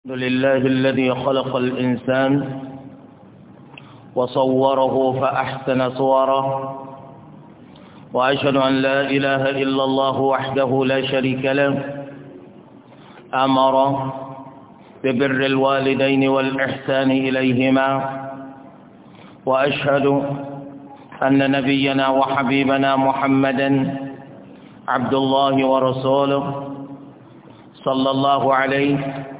الحمد لله الذي خلق الإنسان وصوره فأحسن صوره وأشهد أن لا إله إلا الله وحده لا شريك له أمر ببر الوالدين والإحسان إليهما وأشهد أن نبينا وحبيبنا محمدا عبد الله ورسوله صلى الله عليه وسلم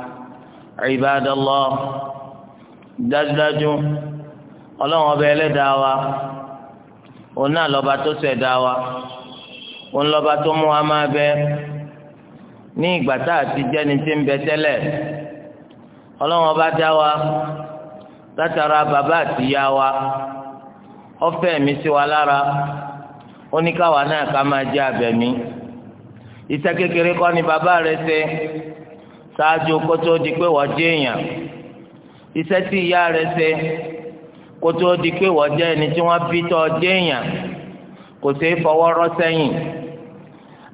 Ibadallah dájúdájú ọlọ́run ọba ẹlẹ́dàá wa òun náà tó wa òun lọ́ba tó mú wa máa bẹ ní ìgbà tá a látara bàbá àti wa mi sí wa lára ó náà ká máa kékeré ṣáájú kótó di pé wọ́n jẹ́ èèyàn iṣẹ́ tí ìyá rẹ̀ ṣe kótó di pé wọ́n jẹ́ ẹni tí wọ́n bí tọ́ jẹ́ èèyàn kò sí fọwọ́ rọ́ sẹ́yìn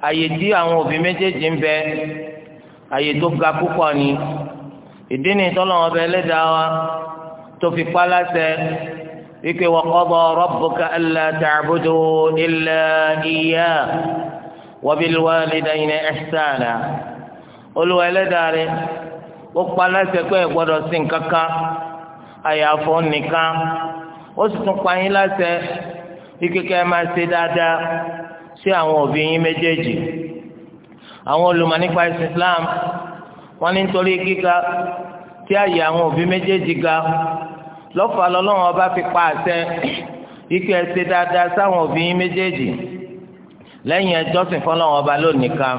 àyè tí àwọn òbí méjèèjì ń bẹ àyè tó ga púpọ̀ ni ìdí ni tọ́lọ́wọ́n bẹ lẹ́dàá wa tó fi pa láṣẹ wípé wa qada rabbuka alla ta'budu illa iyyah wa bil walidayni ihsana olúwa ẹlẹ́dàá rẹ ó pa aláṣẹ pé ẹ gbọ́dọ̀ sìn kankan àyàfọ́ nìkan ó sì tún pa yín láṣẹ bí kíkẹ́ máa ṣe dáadáa sí àwọn òbí yín méjèèjì àwọn olùmọ̀ nípa Islam wọ́n ní nítorí gíga tí àyè àwọn òbí méjèèjì ga lọ́fà lọ́lọ́wọ́n ọba fi pa àṣẹ ike ẹsẹ dáadáa sáwọn òbí yín méjèèjì lẹ́yìn ẹjọ́ sìn fọ́lọ́wọ́n ọba lónìí kan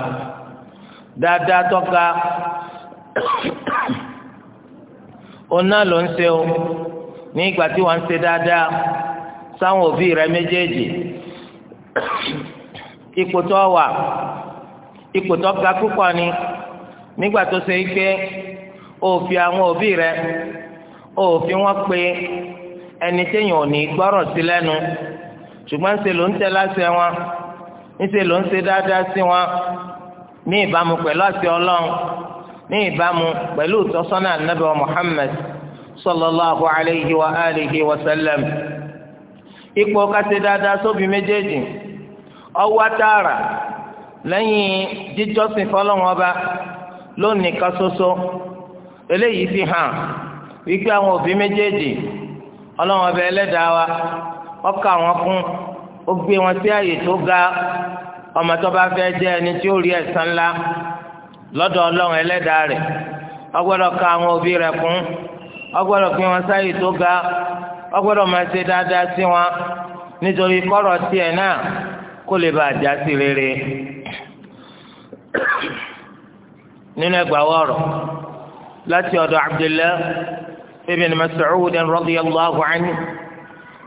dáadáa tọ́ka ọ̀nà ló ń ṣe o ní ìgbà tí wọ́n ń ṣe dáadáa sáwọn òbí rẹ méjèèjì ipò tó wà ipò tó ga púpọ̀ ni nígbà tó ṣe pé òfin àwọn òbí rẹ òfin wọn pé ẹni téèyàn ò ní gbọ́rọ̀ sí lẹ́nu ṣùgbọ́n ṣe ló ń ní ìbámu pẹ̀lú àti ọlọ́run ní ìbámu pẹ̀lú ìtọ́sọ́nà ànábì wa muhammed sallallahu alayhi wa alihi wa sallam ipò kásì dáadáa sóbi méjèèjì ọwọ́ àtàrà lẹ́yìn jíjọ́sìn fọlọ́run ọba lónìí kan ṣoṣo eléyìí fi hàn wípé àwọn òbí méjèèjì ọlọ́run ọba ẹlẹ́dàá wa ó wọn kún ó gbé wọn sí àyè tó ga ọmọ tó bá fẹ́ jẹ́ ẹni tí ó rí ẹ̀san ńlá lọ́dọ̀ ọlọ́run ẹlẹ́dàá rẹ̀ ka àwọn òbí rẹ̀ kún wọn sáyè tó ga ó máa ṣe dáadáa sí wọn nítorí kọ́rọ̀ tiẹ̀ náà kó lè bàa já sí rere nínú ẹgbàá wọ̀rọ̀ láti ọ̀dọ̀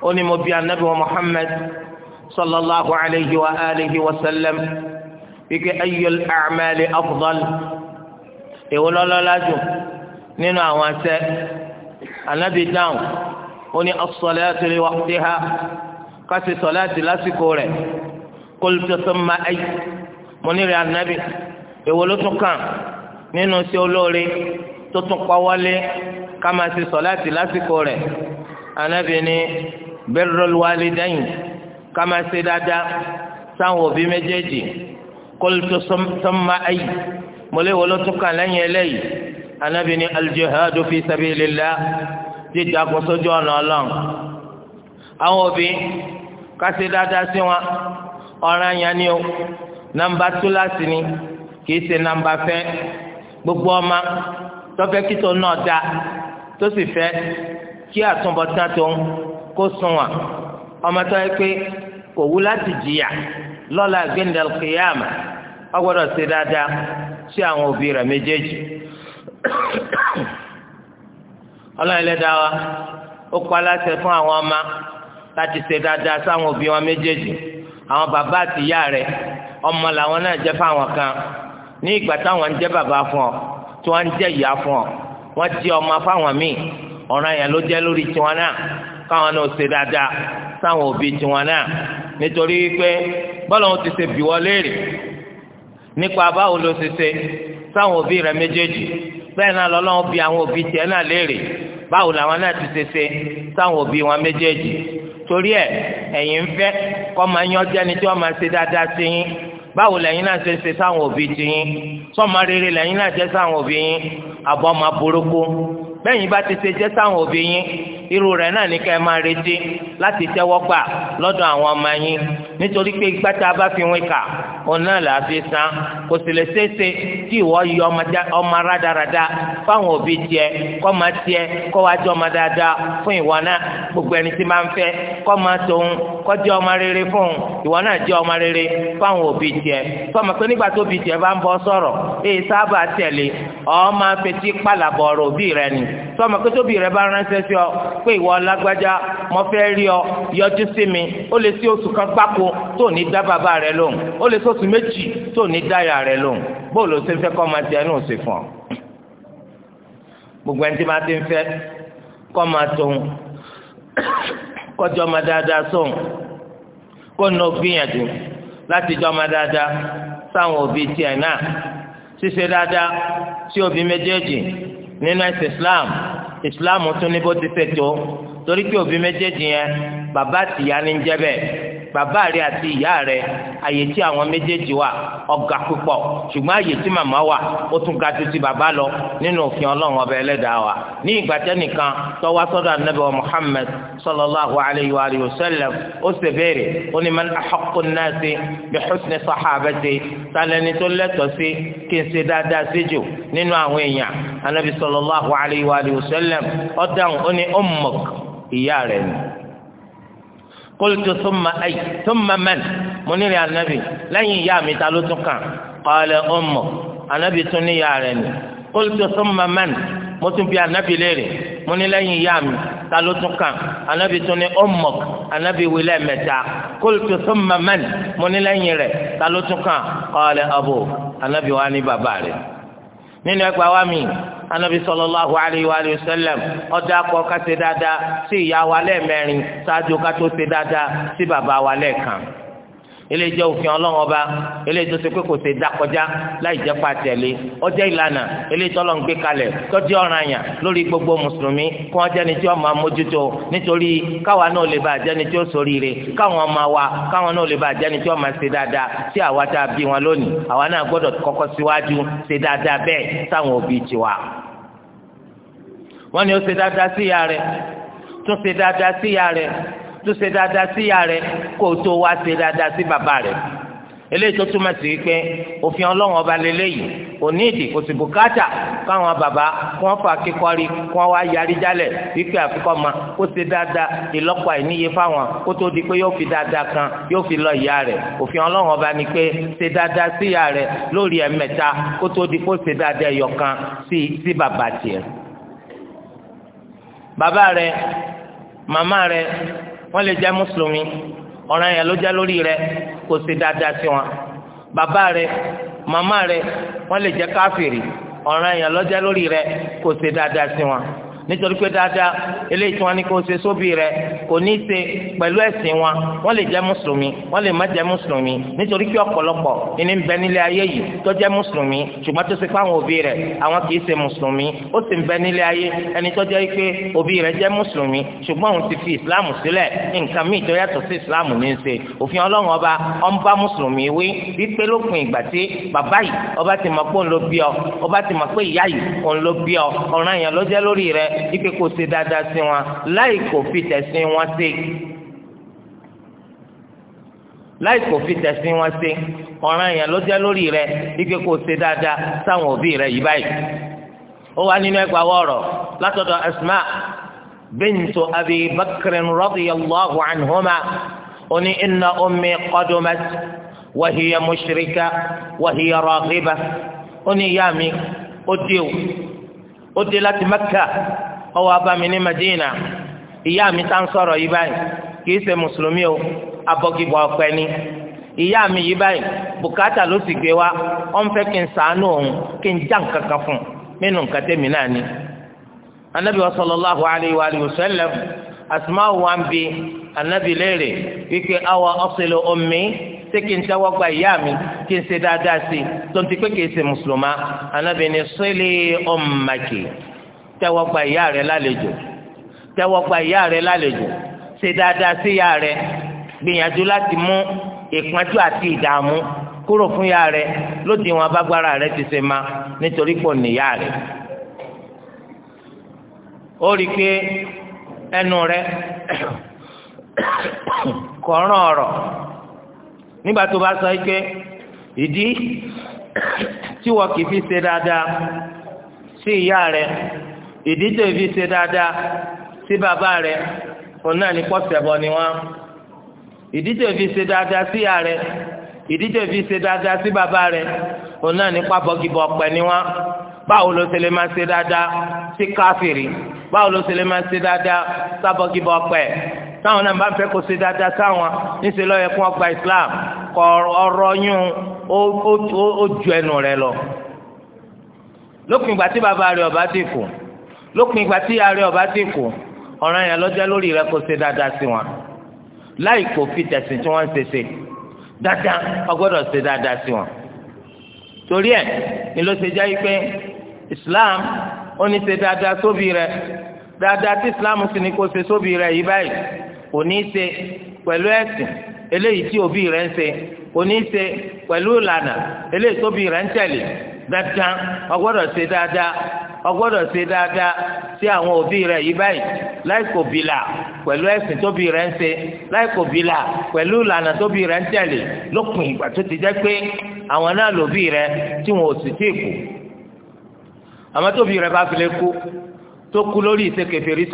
ó ní mo bí anabi wa صلى الله عليه وآله وسلم بك أي الأعمال أفضل يقول الله لاجو نينو أوانسة النبي داو وني الصلاة لوقتها قاسي صلاة لا سكورة قلت ثم أي منير النبي يقول تكام نينو سيولوري تتقوالي كما سي صلاة لا سكورة النبي ني بر الوالدين Kama máa ṣe dáadáa sáwọn òbí méjèèjì kólító sọmọ ayì mọ̀lẹ́wọ̀ ló tún kàn lẹ́yìn eléyìí anábì ní aljihadu fi sabilillah dídá kó sójú ọ̀nà ọlọ́run àwọn òbí ká ṣe dáadáa sí wọn ọ̀ràn yẹn ni o nàmbà túláàsì ni kì í ṣe nàmbà fẹ́ gbogbo ọma tọ́fẹ́ kí tó náà da tó sì fẹ́ kí àtúbọ̀tán tó ń kó sunwọ̀n ọmọ tó yẹ pé kò wú láti jìyà lọ́la gbẹ̀ndẹ̀ kìyàmà ó gbọ́dọ̀ ṣe dáadáa sí àwọn òbí rẹ̀ méjèèjì. ọlọ́run ẹlẹ́dàá wa ó pa aláṣẹ fún àwọn ọmọ láti ṣe dáadáa sáwọn òbí wọn méjèèjì àwọn bàbá àti ìyá rẹ̀ ọmọ làwọn náà jẹ́ fáwọn kan ní ìgbà táwọn ń jẹ́ bàbá fún ọ tí wọ́n ń jẹ́ ìyá fún ọ wọ́n jẹ́ ọmọ fáwọn míì ọ̀ràn yẹn ló jẹ́ lórí tiwọn náà káwọn náà ṣe dáadáa sáwọn òbí tiwọn náà nítorí pé bọ́lá wọn ti ṣe bí wọ́n léèrè nípa báwo ló ṣe ṣe sáwọn òbí rẹ méjèèjì bẹ́ẹ̀ náà lọ́lọ́wọ́ bí àwọn òbí tiẹ̀ náà léèrè báwo làwọn náà ti ṣe ṣe sáwọn òbí wọn méjèèjì torí ẹ ẹ̀yin ń fẹ́ kọ́ máa yan jẹ́ni tí wọ́n máa ṣe dáadáa sí yín báwo lẹ́yìn náà ṣe ṣe sáwọn òbí ti yín sọ́mọ rere lẹ́yìn náà jẹ́ sáwọn òbí yín àbọ̀ ọmọ burúkú bẹ́yìn bá ti ṣe jẹ́ sáwọn òbí yín irú rẹ̀ náà ní ká ẹ máa retí láti tẹ́wọ́ gbà lọ́dọ̀ àwọn ọmọ yín nítorí a bá fi wín kà òun náà là á fi san kò sì lè ṣeéṣe kí ìwọ yọ ọmọ rádaràda fáwọn òbí tiẹ̀ kọ́ máa tiẹ̀ kọ́ wá jọ ọmọ dáadáa fún ìwọ náà gbogbo ẹni tí máa ń fẹ́ rere fún un ìwọ náà jẹ́ rere fáwọn òbí tiẹ̀ fọmọ pé nígbà tó bí tiẹ̀ bá ń bọ́ sọ̀rọ̀ èyí sábà rẹ ni fọmọ pé rẹ bá ránṣẹ́ pé ìwọ lágbájá mo fẹ́ rí ọ yọjú sí mi ó lè sí oṣù kan gbáko tó ní dá bàbá rẹ lóhùn ó lè sí oṣù méjì tó ní dá ìyá rẹ lóhùn bóòlù ṣe ń fẹ́ kọ́ máa ti ẹnu òsè fún ọ. gbogbo ẹni tí máa ti ń fẹ́ kọ́ máa tóun kọjọ́ máa dáadáa sóun kó nà ó gbìyànjú láti jọ́ máa dáadáa sáwọn òbí tiẹ̀ náà ṣíṣe dáadáa sí òbí méjèèjì nínú ẹ̀sìn Islam ìsìláàmù tún ní bó ti fẹ́ tó torí pé òbí méjèèjì yẹn bàbá àtìyá ní ń jẹ́ bẹ́ẹ̀ bàbá rẹ àti ìyá rẹ àyè tí àwọn méjèèjì wà ọ̀gá púpọ̀ ṣùgbọ́n àyè tí màmá wà ó tún ga ju ti bàbá lọ nínú òfin ọlọ́run ọba ẹlẹ́dàá wa ní ìgbà tẹ́nìkan tọ́wá sọ́dọ̀ anábẹ́ wa muhammed sallallahu alayhi wa alihi wa sallam ó sì béèrè ó ní man ahaqqun nasi bi husni sahabati talẹ́ni tó lẹ́tọ̀ọ́ sí kí n ṣe dáadáa sí jù nínú àwọn èèyàn anábì sallallahu alayhi wa alihi wa sallam ó dáhùn ó ní ummuk ìyá rẹ̀ ni qultu thumma ay thumma man mo nílẹ anabi lẹ́yìn ìyá mi ta ló tún kàn qala ummu anabi tún níyà rẹ ni qultu thumma man mo tún bi anabi léèrè mo ní lẹ́yìn ìyá mi ta ló tún kàn anabi tún ní ummuk anabi wílẹ̀ mẹ́ta qultu thumma man mo ní lẹ́yìn rẹ̀ ta ló tún kàn qala abu anabi wa ní bàbá rẹ̀ nínú ẹgbàá wa mi anabi sallallahu alayhi wa sallam ọdọ akọ ká ṣe dáadáa sí ìyá wa lẹ́ẹ̀mẹ́rin ṣáájú ká tó ṣe dáadáa sí bàbá wa lẹ́ẹ̀kan eléyìí jẹ́ òfin Ọlọ́run ọba eléyìí tó ṣe pé kò ṣe dákọjá láì jẹ́ pàtẹ́lé ọjọ́ ìlànà eléyìí tọ́lọ́ ń gbé kalẹ̀ tọ́jú ọ̀ràn àyàn lórí gbogbo mùsùlùmí kí wọ́n jẹ́ni tí wọ́n máa mójútó nítorí káwa náà lè bá jẹ́ni tí ó ṣoríire káwọn ọmọ wa káwọn náà lè bá jẹ́ni tí wọ́n máa ṣe dáadáa àwa tá a bí wọn lónìí àwa náà gbọ́dọ̀ kọ́kọ́ síwájú ṣe dáadáa bẹ́ẹ̀ sáwọn òbí tiwa wọ́n ní ó ṣe dáadáa sí ìyá rẹ̀ tún ṣe dáadáa sí ìyá rẹ̀ tún ṣe dáadáa sí ìyá rẹ̀ kó o tó wá ṣe dáadáa sí bàbá rẹ̀ eléyìí tó túmọ̀ sí pé òfin ọlọ́run ọba lélẹ́yìí kò ní ìdí kò sì bùkátà káwọn bàbá kí wọ́n fa kíkọ́rí kí wọ́n wá yarí jálẹ̀ wípé àfikọ́ ma kó ṣe dáadáa ìlọ́pọ̀ àìníye fáwọn kó tó di pé yóò fi dáadáa kan yóò fi lọ ìyá rẹ̀ òfin ọlọ́run ọba ni pé ṣe dáadáa sí ìyá rẹ̀ lórí ẹ̀mẹ́ta kó tó di pé ṣe dáadáa ẹ̀yọ̀kan sí bàbá tiẹ̀ bàbá rẹ màmá rẹ wọ́n lè jẹ́ mùsùlùmí ọ̀ràn yẹn ló jẹ́ lórí rẹ kò sí dáadáa sí wọn bàbá rẹ màmá rẹ wọ́n lè jẹ́ káfìrì ọ̀ràn yẹn ló jẹ́ lórí rẹ kò sí dáadáa sí wọn nítorí pé dáadáa eléyìí tí wọn ní kó ṣe sóbì rẹ kò ní í ṣe pẹ̀lú ẹ̀sìn wọn wọn lè jẹ́ mùsùlùmí wọn lè má jẹ́ mùsùlùmí nítorí pé ọ̀pọ̀lọpọ̀ ìní ń bẹ nílé ayé yìí tó jẹ́ mùsùlùmí ṣùgbọ́n tó ṣe pé àwọn òbí rẹ àwọn kì í ṣe mùsùlùmí ó sì ń bẹ nílé ayé ẹni tó jẹ́ pé òbí rẹ jẹ́ mùsùlùmí ṣùgbọ́n òun ti fi islam sílẹ̀ ike kò ṣe dáadáa sí wọn láì kò fi tẹ̀sìn wọn sí láì kò fi tẹ̀sìn wọn sí ọ̀ràn yẹn ló jẹ́ lórí rẹ ike kò ṣe dáadáa sáwọn òbí rẹ yìí báyìí ó wà nínú ẹgbàá wọ̀rọ̀ látọ̀dọ̀ Asma bintu Abi Bakr radiyallahu anhuma ó ní inna ummi qadumat wa hiya mushrika wa hiya raghiba ó ní ìyá mi ó dé o ó dé láti Mẹ́kà ó wá bá mi ní Madina ìyá mi tá ń sọ̀rọ̀ yìí báyìí kì í ṣe mùsùlùmí o abọ́gibọ̀ ọ̀pẹ ni ìyá mi yìí báyìí bùkátà ló sì gbé wa ó ń fẹ́ kí n sàánú òun kí n já nǹkan kan fún un nínú nǹkan tẹ́mi náà ni. anabi sallallahu alayhi wa alihi wa sallam asmaa wa ń bi anabi léèrè wípé awa asilu ummi ṣé kí n tẹ́wọ́ gba ìyá mi kí n ṣe dáadáa sí i tó ń ti pé kì í ṣe mùsùlùmá anábì ní sílé ọmọkì tẹ́wọ́ gba ìyá rẹ lálejò tẹ́wọ́ gba ìyá rẹ lálejò ṣe dáadáa sí ìyá rẹ gbìyànjú láti mú ìpọ́njú àti ìdààmú kúrò fún ìyá rẹ lóde ìwọn abágbára rẹ ti ṣe ma nítorí pọ̀ níyà rẹ ó rí i pé ẹnu rẹ kọ̀ọ̀ràn ọ̀rọ̀ nígbà tó bá sọ pé ìdí tí wọ́n kì í fi ṣe dáadáa sí ìyá rẹ̀ ìdí tó fi ṣe dáadáa sí bàbá rẹ̀ òun náà ní pọ́sẹ̀bọ ni wọ́n ìdí tó fi ṣe dáadáa sí ìyá rẹ̀ ìdí tó fi ṣe dáadáa sí bàbá rẹ̀ òun náà ní pàbọ́gìbọ̀ ọ̀pẹ ni wọ́n báwo ló ṣe lè máa ṣe dáadáa sí káfìrí báwo ló ṣe lè máa ṣe dáadáa sábọ́gìbọ̀ ọ̀pẹ táwọn náà bá ń fẹ́ kó ṣe dáadáa sáwọn níṣẹ́ lọ́yẹ kó wọ́n gba islam kọ ọ̀rọ̀ yún ó ju ẹnu rẹ lọ. lópin ìgbà tí bàbá rẹ ọba ti kù lópin ìgbà tí ìyá rẹ ọba ti kù ọ̀ràn yẹn lọ́jọ́ lórí rẹ kó ṣe dáadáa sí wọn láì kò fi tẹ̀sìn tí wọ́n ń ṣe ṣe dáadáa ọgbọ́dọ̀ ṣe dáadáa sí wọn. torí ẹ̀ ni ló ṣe jẹ́ pé islam ó ní ṣe dáadáa sóbì rẹ dáadáa tí islam sì ní kó ṣe sóbì rẹ yìí báyìí kò ní í ṣe pẹ̀lú ẹ̀sìn eléyìí tí òbí rẹ̀ ń ṣe kò ní í ṣe pẹ̀lú ìlànà eléyìí tóbi rẹ̀ ń tẹ̀lé dandan ọgbọ́dọ̀ ṣe dáadáa ọgbọ́dọ̀ ṣe dáadáa sí àwọn òbí rẹ̀ yìí báyìí láì kò bìlà pẹ̀lú ẹ̀sìn tóbi rẹ̀ ń ṣe láì kò bìlà pẹ̀lú ìlànà tóbi rẹ̀ ń tẹ̀lé lópin ìgbà tó ti jẹ́ pé àwọn náà lòbí rẹ̀ tí wọn ò sì tí ì kú àmọ́ tóbi rẹ̀ bá fi lè kú tó kú lórí ìṣe kèfèrí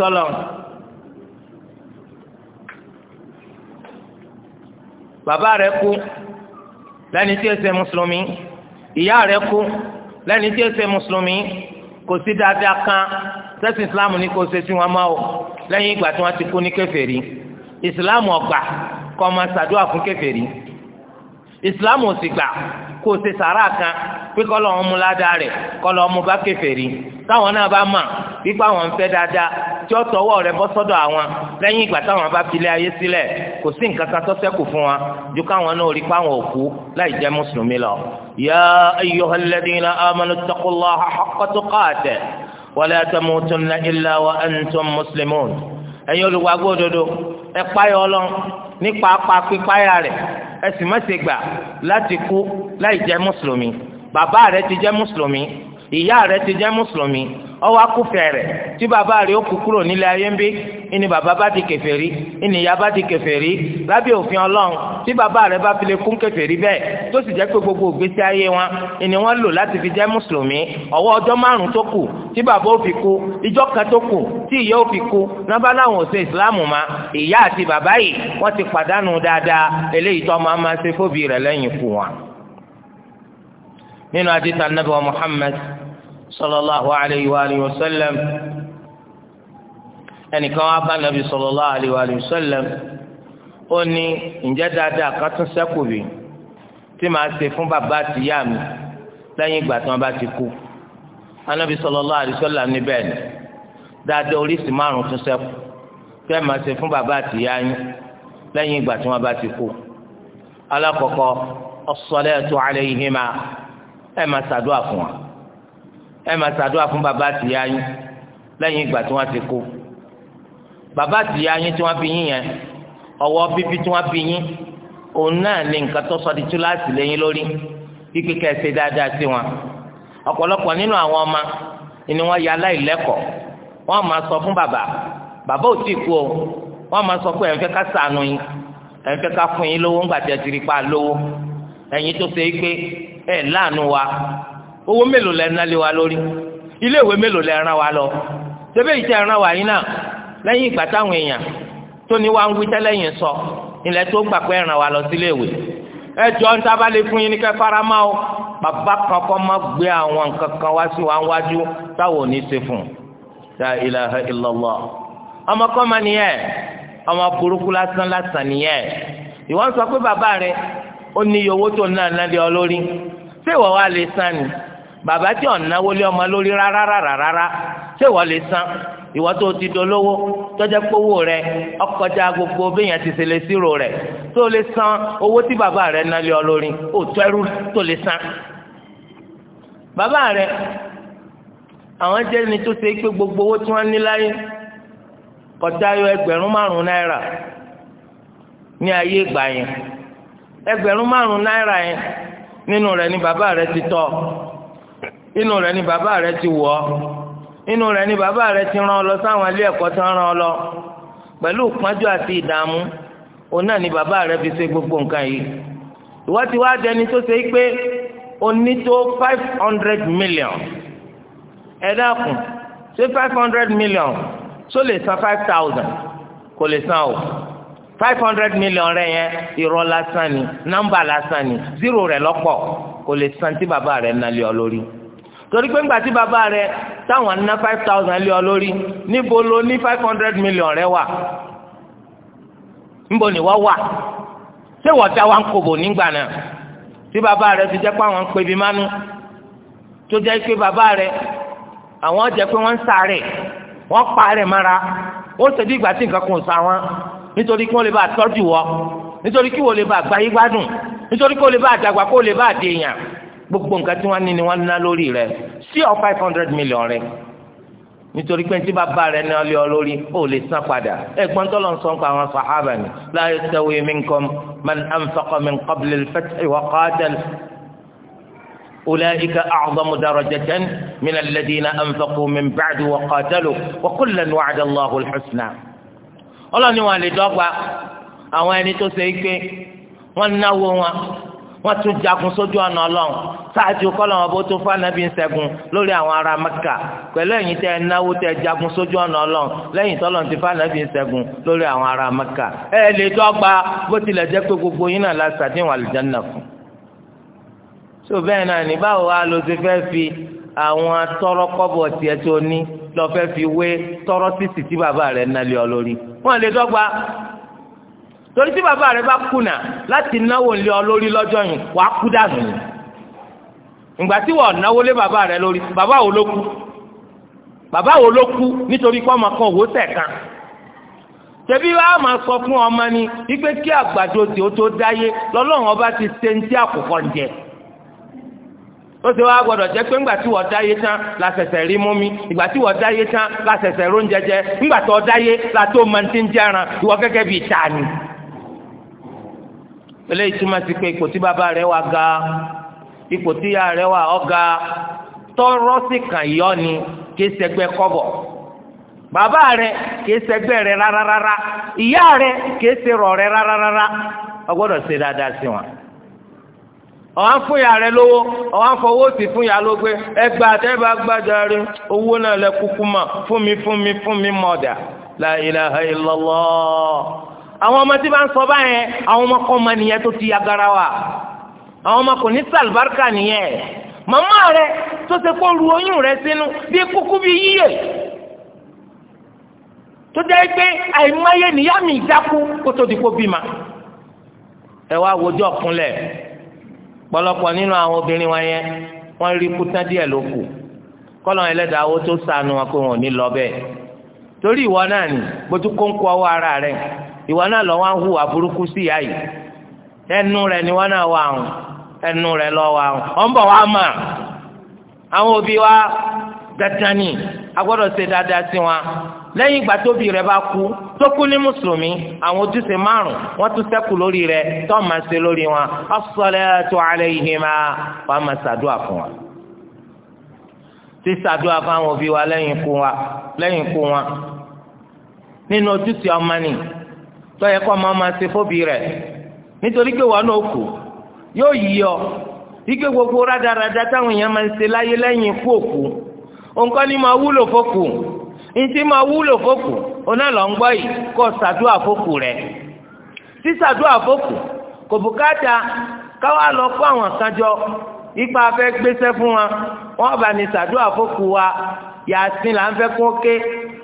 bàbá rẹ̀ kú lẹ́ni tí ẹsẹ̀ mùsùlùmí ìyá rẹ̀ kú lẹ́ni tí ẹsẹ̀ mùsùlùmí kò sí dáadáa kan sẹ́sìn ìsìláàmù ní kò ṣe sí wọn máa o lẹ́yìn ìgbà tí wọ́n ti kú ní kèfèrí ìsìláàmù ọ̀gbà kọ́ máa ṣàdúrà fún kèfèrí ìsìláàmù òsì gbà kó o ṣe sàrà kan pé kọ́lọ́ ọmú ládàá rẹ̀ kọ́lọ́ ọmú bá kèfèrí táwọn náà bá mà wípé àwọn ń dáadáa tí ó tọwọ́ rẹ̀ bọ́ sọ́dọ̀ àwọn lẹ́yìn ìgbà táwọn bá filẹ̀ ayé sílẹ̀ kò sí nǹkan kan tó ṣẹ́kù fún wa ju káwọn náà rí páwọn òkú láì jẹ́ mùsùlùmí lọ. ya ayyuhal ladhina amanu taqullaha haqqa tuqatihi wa la tamutunna illa wa antum muslimun. ẹ̀yin olùwàgbọ́ òdodo ẹ páyọ ọlọ́ nípa apá pípáyà rẹ̀ ẹ sì má gbà láti kú láì jẹ́ mùsùlùmí bàbá rẹ̀ ti jẹ́ mùsùlùmí ìyá ọwọ́ akúfẹ́ rẹ̀ tí bàbá rẹ̀ ó kú kúrò nílé ayé ń bí ìní bàbá bá di kèfèrí ìní ìyá bá di kèfèrí lábẹ́ òfin ọlọ́run tí bàbá rẹ̀ bá fi lè kún kèfèrí bẹ́ẹ̀ tó sì jẹ́ pé gbogbo ògbésí ayé wọn ìní wọ́n lò láti fi jẹ́ mùsùlùmí ọwọ́ ọjọ́ márùn-ún tó kù tí bàbá ó fi kú ìjọ kan tó kù tí ìyá ó fi kú nàbá láwọn ò ṣe ma ìyá àti bàbá yìí wọ́n ti pàdánù dáadáa eléyìí tó máa máa ṣe fóbi rẹ̀ lẹ́yìn ikú wọn. nínú adìsá nàbẹ̀wọ̀ Muhammad sallallahu alayhi wa alihi wa sallam ẹnìkan wá bá nàbí sallallahu alayhi wa alihi wa sallam ó ní ǹjẹ́ dáadáa kan tún ṣẹ́kù bí tí màá ṣe fún bàbá àti ìyá mi lẹ́yìn ìgbà tí wọ́n bá ti kú anábì sallallahu alayhi wa sallam níbẹ̀ ni dáadáa oríṣi márùn tún ṣẹ́kù tí ẹ ṣe fún bàbá àti ìyá yín lẹ́yìn ìgbà tí wọ́n bá ti kú alákọ̀ọ́kọ́ as-salatu alayhima ẹ máa ṣàdúrà fún wa ẹ máa ṣàdúrà fún bàbá àtìyá yín lẹ́yìn ìgbà tí wọ́n ti kú bàbá àtìyá yín tí wọ́n fi yín yẹn ọwọ́ bíbí tí wọ́n fi yín òun náà ní nǹkan tó sọ di túláàsì lẹ́yìn lórí kíkí ká ẹ ṣe dáadáa sí wọn ọ̀pọ̀lọpọ̀ nínú àwọn ọmọ ni wọ́n ya aláìlẹ́kọ̀ọ́ wọ́n máa sọ fún bàbá bàbá ò tí ì kú o wọ́n máa sọ pé ẹ̀ ń ká ṣàánú yín ẹ̀ ká fún yín lówó ńgbà tí ti rí pa lówó ẹ̀yin tó ṣe é pé ẹ̀ láàánú wa owó mélòó lẹ ná wa lórí ilé mélòó lẹ rán wa lọ ṣebí ìtẹ rán wa yín náà lẹ́yìn ìgbà táwọn èèyàn tó ní wa ń wí tẹ́lẹ̀yìn sọ ilẹ̀ tó gbà pé rán wa lọ sílé ìwé ń tábà fún yín ní kẹ́ fara o bàbá kankan má gbé àwọn nǹkan kan wá sí wa ń wájú táwọn ò ní ṣe fún un la ilaha illallah ọmọ kọ́ ma nìyẹn ọmọ burúkú lásán lásán nìyẹn ìwọ́n sọ pé bàbá rẹ ó ní iye owó tó ń ná ná lé ọ lórí ṣé ìwọ wa lè san ni bàbá tí ọ̀nàwó lé ọmọ lórí rárá rárá rárá ṣé ìwọ lè san ìwọ tó ti dolówó tọ́jà pówó rẹ ọkọjá gbogbo béèyàn ti ṣẹlẹ̀ sírò rẹ tó lè san owó tí bàbá rẹ ná lé ọ lórí ó tó ẹrú tó lè san. bàbá rẹ àwọn jẹ́ ni tó ṣe pé gbogbo owó tí wọ́n ní láyé kọjá yọ ẹgbẹ̀rún márùn-ún náírà ní ayé ìgbà yẹn ẹgbẹ̀rún márùn-ún náírà yẹn nínú rẹ̀ ni bàbá rẹ ti tọ́ inú rẹ̀ ni bàbá rẹ̀ ti wọ̀ inú rẹ̀ ni bàbá rẹ̀ ti rán ọ lọ sáwọn ilé ẹ̀kọ́ tí wọ́n rán ọ lọ pẹ̀lú ìpọ́njú àti ìdààmú òun náà ni bàbá rẹ̀ fi ṣe gbogbo nǹkan yìí ìwọ ti wá dẹni tó ṣe pé o ní tó five hundred million ẹ dákun ṣé five hundred million tó lè san five thousand kò lè san o five hundred million rẹ yẹn irọ́ lásán ni nọ́mbà lásán ni zero rẹ̀ lọ́pọ̀ kò lè san tí bàbá rẹ̀ nalẹ́ ọ lórí torí pé ńgbà tí bàbá rẹ táwọn ná five thousand lé ọ lórí níbo lo ní five hundred million rẹ wà níbo ni wọ́n wà ṣé wọ́n dá wa ń kòbò nígbà náà tí bàbá rẹ ti jẹ́ pé àwọn ń pebi mánú tó jẹ́ pé bàbá rẹ àwọn jẹ́ pé wọ́n ń sáré wọ́n pa rẹ̀ mára ó ṣe bí ìgbà tí nǹkan kan sá wọn nítorí kí wọ́n lè bá tọ́jú wọ nítorí kí wọ́n lè bá gbáyé gbádùn nítorí kí wọ́n lè bá àdàgbà kó lè bá àdéyàn gbogbo nǹkan tí wọ́n ní ni wọ́n ná lórí rẹ̀ sí ọ five hundred million rẹ̀ nítorí pé tí bàbá rẹ̀ náà lé ọ lórí ó lè san padà ẹ̀gbọ́n tó lọ sọ pa àwọn sàhábà ni la yastawi minkum man anfaqa min qabli al-fathi wa qatal أولئك أعظم درجة من الذين أنفقوا من بعد وقاتلوا وكلا وعد الله الحسنى ọlọ́ni wọn lè dọ́gba àwọn ẹni tó ṣe é wọ́n náwó wọn wọ́n tún jagun sójú ọ̀nà ọlọ́run ṣáájú kọ́lọ́wọ́n bó tún fànàbí ń ṣẹ́gun lórí àwọn ará mẹ́kà pẹ̀lú ẹ̀yin tẹ́ ẹ náwó tẹ́ jagun sójú ọ̀nà ọlọ́run lẹ́yìn tọ́lọ́run ti fànàbí ń ṣẹ́gun lórí àwọn ará mẹ́kà ẹ lè dọ́gba bó tilẹ̀ jẹ́ pé gbogbo yín náà la ṣàdéhùn àlùjánnà fún. tó bẹ́ẹ̀ náà ní báwo wá ló ti fẹ́ fi àwọn tọrọ kọ́bọ̀ tiẹ̀ tó ní lọ fẹ́ fi wé tọrọ sísì tí bàbá rẹ̀ nálẹ̀ ọ lórí wọ́n lè dọ́gba torí tí bàbá rẹ bá kùnà láti náwó lé ọ lórí lọ́jọ́ yìí wà á kú dànù ni ìgbà tí wọ́n náwó lé bàbá rẹ lórí bàbá wo ló kú bàbá wo ló kú nítorí pé ọmọ kan òwò tẹ̀ kan tẹbi wàá máa sọ fún ọmọ ni wípé kí àgbàdo tí ó tó dáyé lọ́lọ́run ọba ti ṣe ní tí àkùkọ ń jẹ ó ti wá gbọdọ̀ jẹ́ pé ńgbà tí wọ́n dáyé tán la ṣẹ̀ṣẹ̀ rí mú mi ìgbà tí wọ́n dáyé tán la ṣẹ̀ṣẹ̀ róúnjẹ jẹ ńgbà tí dáyé la tó mọ ti ń jẹran ìwọ gẹ́gẹ́ bíi ta eléyìí túmọ̀ sí pé ipò tí bàbá rẹ̀ wà ga ipò tí ìyá rẹ̀ wà ọ̀ga tọrọ sí kàn yọ ni kì í ṣẹgbẹ́ kọ́bọ̀ bàbá rẹ̀ kì í ṣẹgbẹ́ rẹ̀ rararara ìyá rẹ̀ kì í rọ̀ rẹ̀ ṣe dáadáa sí wọn ọ̀hán fún ìyá rẹ̀ lówó ọ̀hán fọwọ́ sí fún ìyá ló gbé gbàjà owó náà lẹ kúkú fún mi àwọn ọmọ tí bá ń sọ báyẹn àwọn ọmọ kọ́ ọmọ nìyẹn tó ti agara wa àwọn ọmọ kò ní sàlùbáríkà nìyẹn màmá rẹ tó ṣe kó ru oyún rẹ sínú bí kúkú bí yíyè tó jẹ́ pé àìmáyé nìyá mi dákú kó tó di kó bímọ ẹ wá wojú ọ̀kúnlẹ̀ pọ̀lọpọ̀ nínú àwọn obìnrin wọn yẹn wọ́n rí kútán díẹ̀ ló kù kọ́lọ́n ẹlẹ́dàá owó tó sànù wọn pé wọn ò ní lọ bẹ́ẹ̀ torí ìwọ náà ni bó kó ń kó ọwọ́ ara rẹ̀ ìwọ náà lọ wá ń hùwà burúkú sí ìyá yìí ẹnu rẹ ni wọn náà wà ń ẹnu rẹ lọ wà ń ọ ń bọ̀ wá mà àwọn òbí wa gàtàní agbọ́dọ̀ ṣe dáadáa sí wọn lẹ́yìn ìgbà tóbi rẹ bá kú tó kú ní mùsùlùmí àwọn ojúṣe márùn wọn tún ṣẹ́kù lórí rẹ tó máa ṣe lórí wọn as-salatu alayhima wọn máa ṣàdúrà fún wọn ti ṣàdúrà fún àwọn òbí wa lẹ́yìn ikú wọn nínú ojúṣe ọmọ nìyí tọ́yẹ kọ́ máa máa ṣe fóbi rẹ̀ nítorí pé wọn náà kù yóò yí ọ ike gbogbo rádaràda táwọn èèyàn máa ń ṣe láyé lẹ́yìn ikú òkú nǹkan ní máa wúlò fókù ntí máa wúlò fókù oná lọ ń gbọ́ yìí kó ṣàdúrà fókù rẹ̀ sísàdúrà fókù kò bùkátà káwá lọ kó àwọn kan jọ ipa fẹ́ gbéṣẹ́ fún wa wọ́n bá ní ṣàdúrà fókù wa yàtí là ń fẹ́ kó ké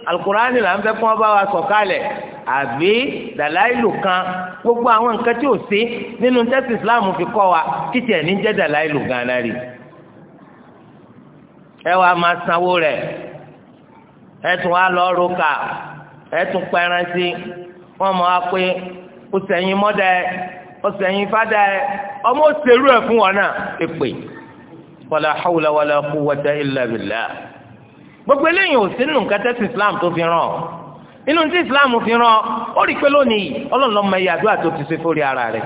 alukurani là ń fẹ́ kó wọ́n bá wa sọ̀kalẹ̀ àbí dàláìlù kan gbogbo àwọn nǹkan tí ò sí nínú tẹ́sí islam fi kọ́ wa títí ní jẹ́ dàláìlù gan-an rí ẹ wàá máa sanwó rẹ̀ ẹ tún wá lọ roka ẹ tún wọn mọ pé ẹ fada ọmọ òṣèlú ẹ fún wọn gbogbo eléyìí ò sínú nǹkan tẹ́sí islam tó inú tí islam fi ràn ó rí i pé lónìí ọlọ́run lọ́mọ iye àdúrà tó ti ṣe fórí ara rẹ̀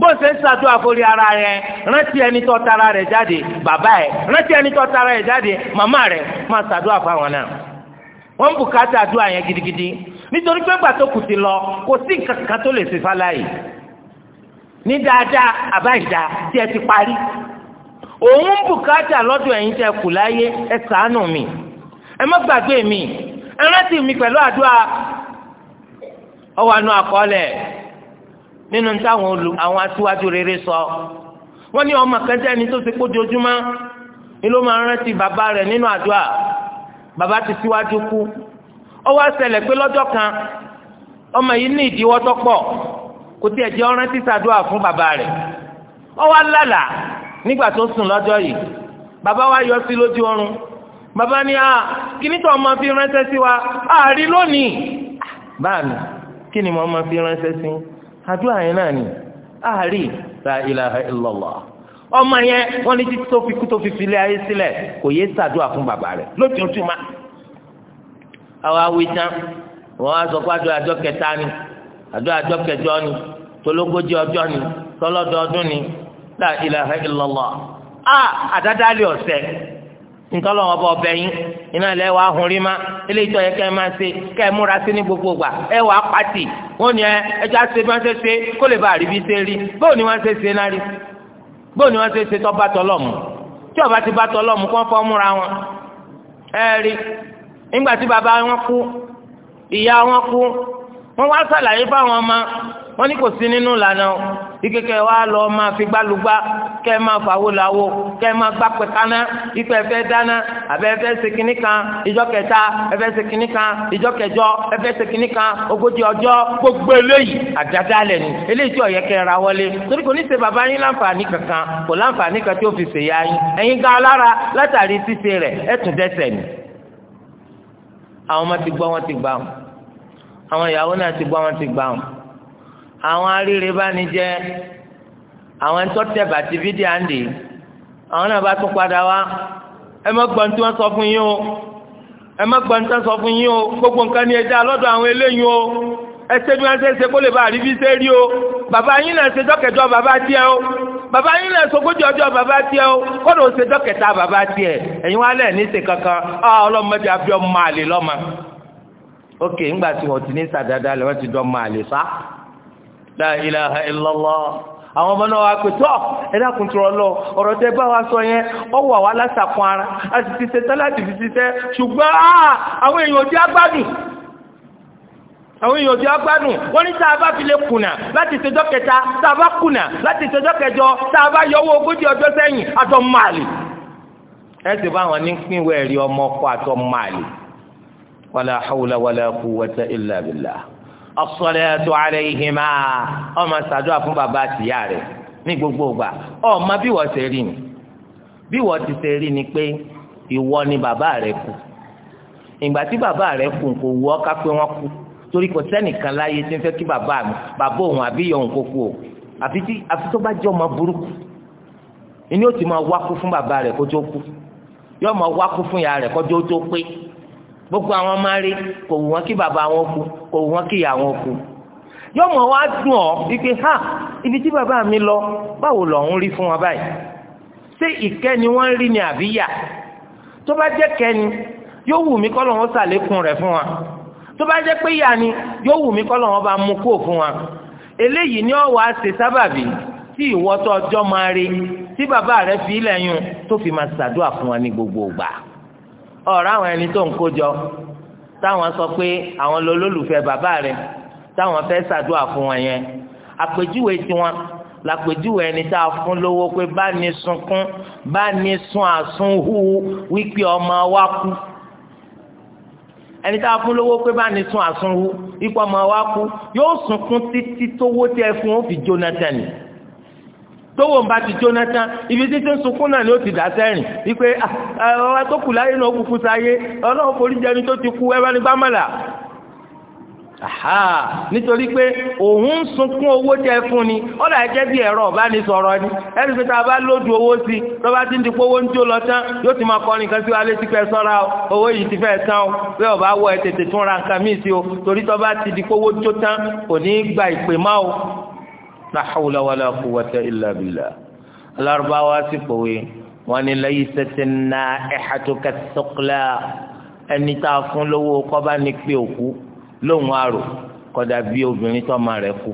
bó ṣe ń ṣàdúrà fórí ara rẹ̀ rántí ẹni tó tara rẹ̀ jáde bàbá ẹ̀ rántí ẹni tó tara rẹ̀ jáde màmá rẹ̀ máa ṣàdúrà fáwọn náà wọ́n bùkátà àdúrà yẹn gidigidi nítorí pé gbà tó kù ti lọ kò sí nǹkan tó lè ṣe fáláyì ní dáadáa àbá ìdá tí ẹ ti parí òun bùkátà lọ́dọ̀ ẹ̀yin tẹ́ kù láyé ẹ ṣàánú mi ẹ má gbàgbé mi ẹrántí mi pẹ̀lú àdúrà ọwọ́ àánú àkọọ́lẹ̀ nínú táwọn olù àwọn aṣíwájú rere sọ wọ́n ní ọmọ kẹjẹ ẹni tó ti kó dojúmọ́ ni ló máa rántí bàbá rẹ̀ nínú àdúrà bàbá ti síwájú kú ọwọ́ àṣẹlẹ̀ pé lọ́jọ́ kan ọmọ yìí ní ìdíwọ́ tó pọ̀ kò tiẹ̀ jẹ́ ọ̀rán tí fún bàbá rẹ̀ ọwọ́ alálà nígbà tó sùn lọ́jọ́ yìí bàbá wa yọ sí lójú oorun bàbá ah, ni a kíní tó ọmọ fi ránṣẹ́ sí wa àárí lónìí báàmì kí ni mo ọmọ fi ránṣẹ́ sí àdúrà yẹn náà ni àárí la ilaha illallah ọmọ yẹn wọ́n ní títí tó fi kú tó fi filẹ̀ ayé sílẹ̀ kò yé ṣàdúrà fún bàbá rẹ̀ lójoojúmọ́ àwọn awi tán wọ́n á sọ pé àdúrà àjọ kẹta ni àdúrà àjọ kẹjọ ni tológójì ọjọ́ ni tọlọ́dọọdún ni la ilaha illallah a ah, àdádálẹ̀ ọ̀sẹ̀ nítorí wọn bọ ọbẹ yín iná ilẹ̀ wa hùn rí ma eléyìí tó yẹ kẹ́ ẹ máa ṣe kẹ́ ẹ múra sí ní gbogbo gbà ẹ wàá pàtì wọn ni ẹ ẹja ṣe bí wọn ṣe ṣe kó lè bá àríbí ṣe rí bóò ni wọn ṣe ṣe náà rí bóò ni wọn ṣe ṣe tó bá tọlọ́mù tí ọba ti bá tọlọ́mù kó fọ́ múra wọn ẹ rí nígbà tí bàbá wọn kú ìyá wọn kú wọn wá ṣàlàyé fáwọn ọmọ wọ́n ní kò sí nínú ìlànà ìkẹkẹ wa lọ máa fi gbálùgbá kẹ máa fàwo làwo kẹ máa gbá pẹkánná ìpẹ fẹ dáná àbẹ fẹ ṣe kínní kan ìjọ kẹta ẹfẹ ṣe kan ìjọ kẹjọ ẹfẹ ṣe kan ogójì ọjọ́ gbogbo eléyìí àdáda lẹ ni eléyìí tí ọyẹ kẹra wọlé torí kò ní ṣe bàbá yín láǹfààní kankan kò láǹfààní kan tí ó fi ṣèyá yín ẹ̀yin gan alára látàrí ṣíṣe rẹ̀ ẹtù dẹsẹ ni àwọn ọmọ ti gbọ́ wọn ti gbà wọn àwọn ìyàwó náà ti gbọ́ wọn ti gbà wọn àwọn aríire bá ní jẹ àwọn ẹni tó tẹ bàtí fídíà ń dì àwọn náà bá tún padà wá ẹ má gbọ́n tí wọ́n sọ fún yín o ẹ má gbọ́n tí wọ́n sọ fún yín o gbogbo nǹkan ni ẹ dá lọ́dọ̀ àwọn eléyìí o ẹ ṣe bí wọ́n ṣe ṣe kó lè bá àríbí ṣe rí o bàbá yín náà ṣe dọ́kẹ̀jọ bàbá tiẹ̀ o bàbá yín náà sogójì ọjọ́ bàbá tiẹ̀ o kọ́dọ̀ ṣe dọ́kẹ̀ta bàbá tiẹ̀ ẹ̀yin wá lẹ̀ ní ṣe kankan ọlọ́mọdé abíọ́ máa lè lọ́mọ. ok ńgbà tí wọ́n ti ní sàdáadáa lẹ́wọ́n ti dọ́ máa lè sá la ilaha illallah àwọn ọmọ náà wá pé tọ́ ẹ̀dàkùn tó rọlọ ọ̀rọ̀ tẹ bá wa sọ yẹn ó wà wá lásàkún ara a sì ti ṣe tálàtì fi ṣiṣẹ́ ṣùgbọ́n àwọn èèyàn ò jẹ́ agbádùn àwọn èèyàn ti agbádùn wọn ní tá a bá fi lè kùnà láti ṣèjọ kẹta tá a bá kùnà láti ṣèjọ kẹjọ tá yọwọ́ ogójì ọjọ́ sẹ́yìn àtọ màlì. ẹ sì bá àwọn nípìnwẹ̀ rí ọmọ ọkọ àtọ màlì. wàlá hawla wàlá quwwata illa billah as-salatu alayhima ọmọ ṣàdúrà fún bàbá àtìyá rẹ̀ ní gbogbo ìgbà ọmọ bí wọ́n ṣe rí ni bí wọ́n ti ṣe rí ni pé ìwọ ni bàbá rẹ̀ kú ìgbà tí bàbá rẹ̀ kú kò wù ọ́ ká pé wọ́n kú torí kò sẹ́nìkan láyé tí ń fẹ́ kí bàbá mi bàbá òun àbí òun kó kú o àfi tó bá jẹ́ ọmọ burúkú ni ó ti máa wákú fún bàbá rẹ̀ kó tó kú yóò máa wákú fún ìyá rẹ̀ kó tó tó pé gbogbo àwọn máa rí kò wù wọn kí bàbá wọn kú kò wù wọn kí ìyá wọn kú yóò mọ wá dùn ọ wípé ha ibi tí bàbá mi lọ báwo lọ́hún rí fún wa báyìí ṣé ìkẹ́ ni wọ́n ń rí ni àbí yà tó bá jẹ́ kẹ́ni yóò wù mí kọ́lọ̀ wọn ṣàlékún rẹ̀ fún wa tó bá jẹ́ pé yà ni yóò wù mí kọ́lọ̀ wọn bá mú kúò fún wa eléyìí ni ọ̀wọ́ àṣẹ sábàbí tí ìwọ́tọ̀ ọjọ́ máa rí tí bàbá rẹ̀ fi ilẹ̀ yun tó fi máa ṣàdúrà fún wa ní gbogbo ìgbà ọ̀rọ̀ àwọn ẹni tó ń kó jọ táwọn sọ pé àwọn lolólùfẹ́ bàbá rẹ táwọn fẹ́ ṣàdúrà fún wọn yẹn àpèjúwe tiwọn làpèjúwe ẹni tá a fún lówó pé bá ní sunkún bá ní sun àsunhù wípé ọmọ wa kú ẹni tá a fún lówó pé bá ní sun àsunhù wípé ọmọ wa kú yóò sunkún títí tówó tí ẹ fún ó fi jóná tẹ̀lé tówó ń bá ti jóná tán ibi títí ń sunkún náà ni ó ti dá sẹ́rìn wípé ah, ah, ọba tó kù láyé náà ó kúkú sáyé ọlọ́run forí jẹni tó ti kú ẹbá ní gbámọ́là nítorí pé òun ń sunkún owó jẹ fún ni ọ̀là ẹ̀jẹ̀ bí ẹ̀rọ ọ̀bá ni sọ̀rọ̀ ni ẹni pé tá a bá lóòdù owó sí lọ́ba tí ń di pówó ń jó lọ tán yóò ti máa kọrin kan sí wa létí pẹ́ sọ́ra o owó yìí ti fẹ́ tán o pé ọ̀bá wọ ẹ̀ tètè tún ra nǹkan míì sí o torí tọ́ba ti di pówó jó tán kò ní gba ìpè má o la hawla wala quwwata illa billah alárúbáwá sì pòwe wọn ni laysati naihatu kath-thuqla ẹni tá a fún lówó kọ́ba ní pé òkú lóhùn àrò kọ́dà bí obìnrin tó máa rẹ̀ kú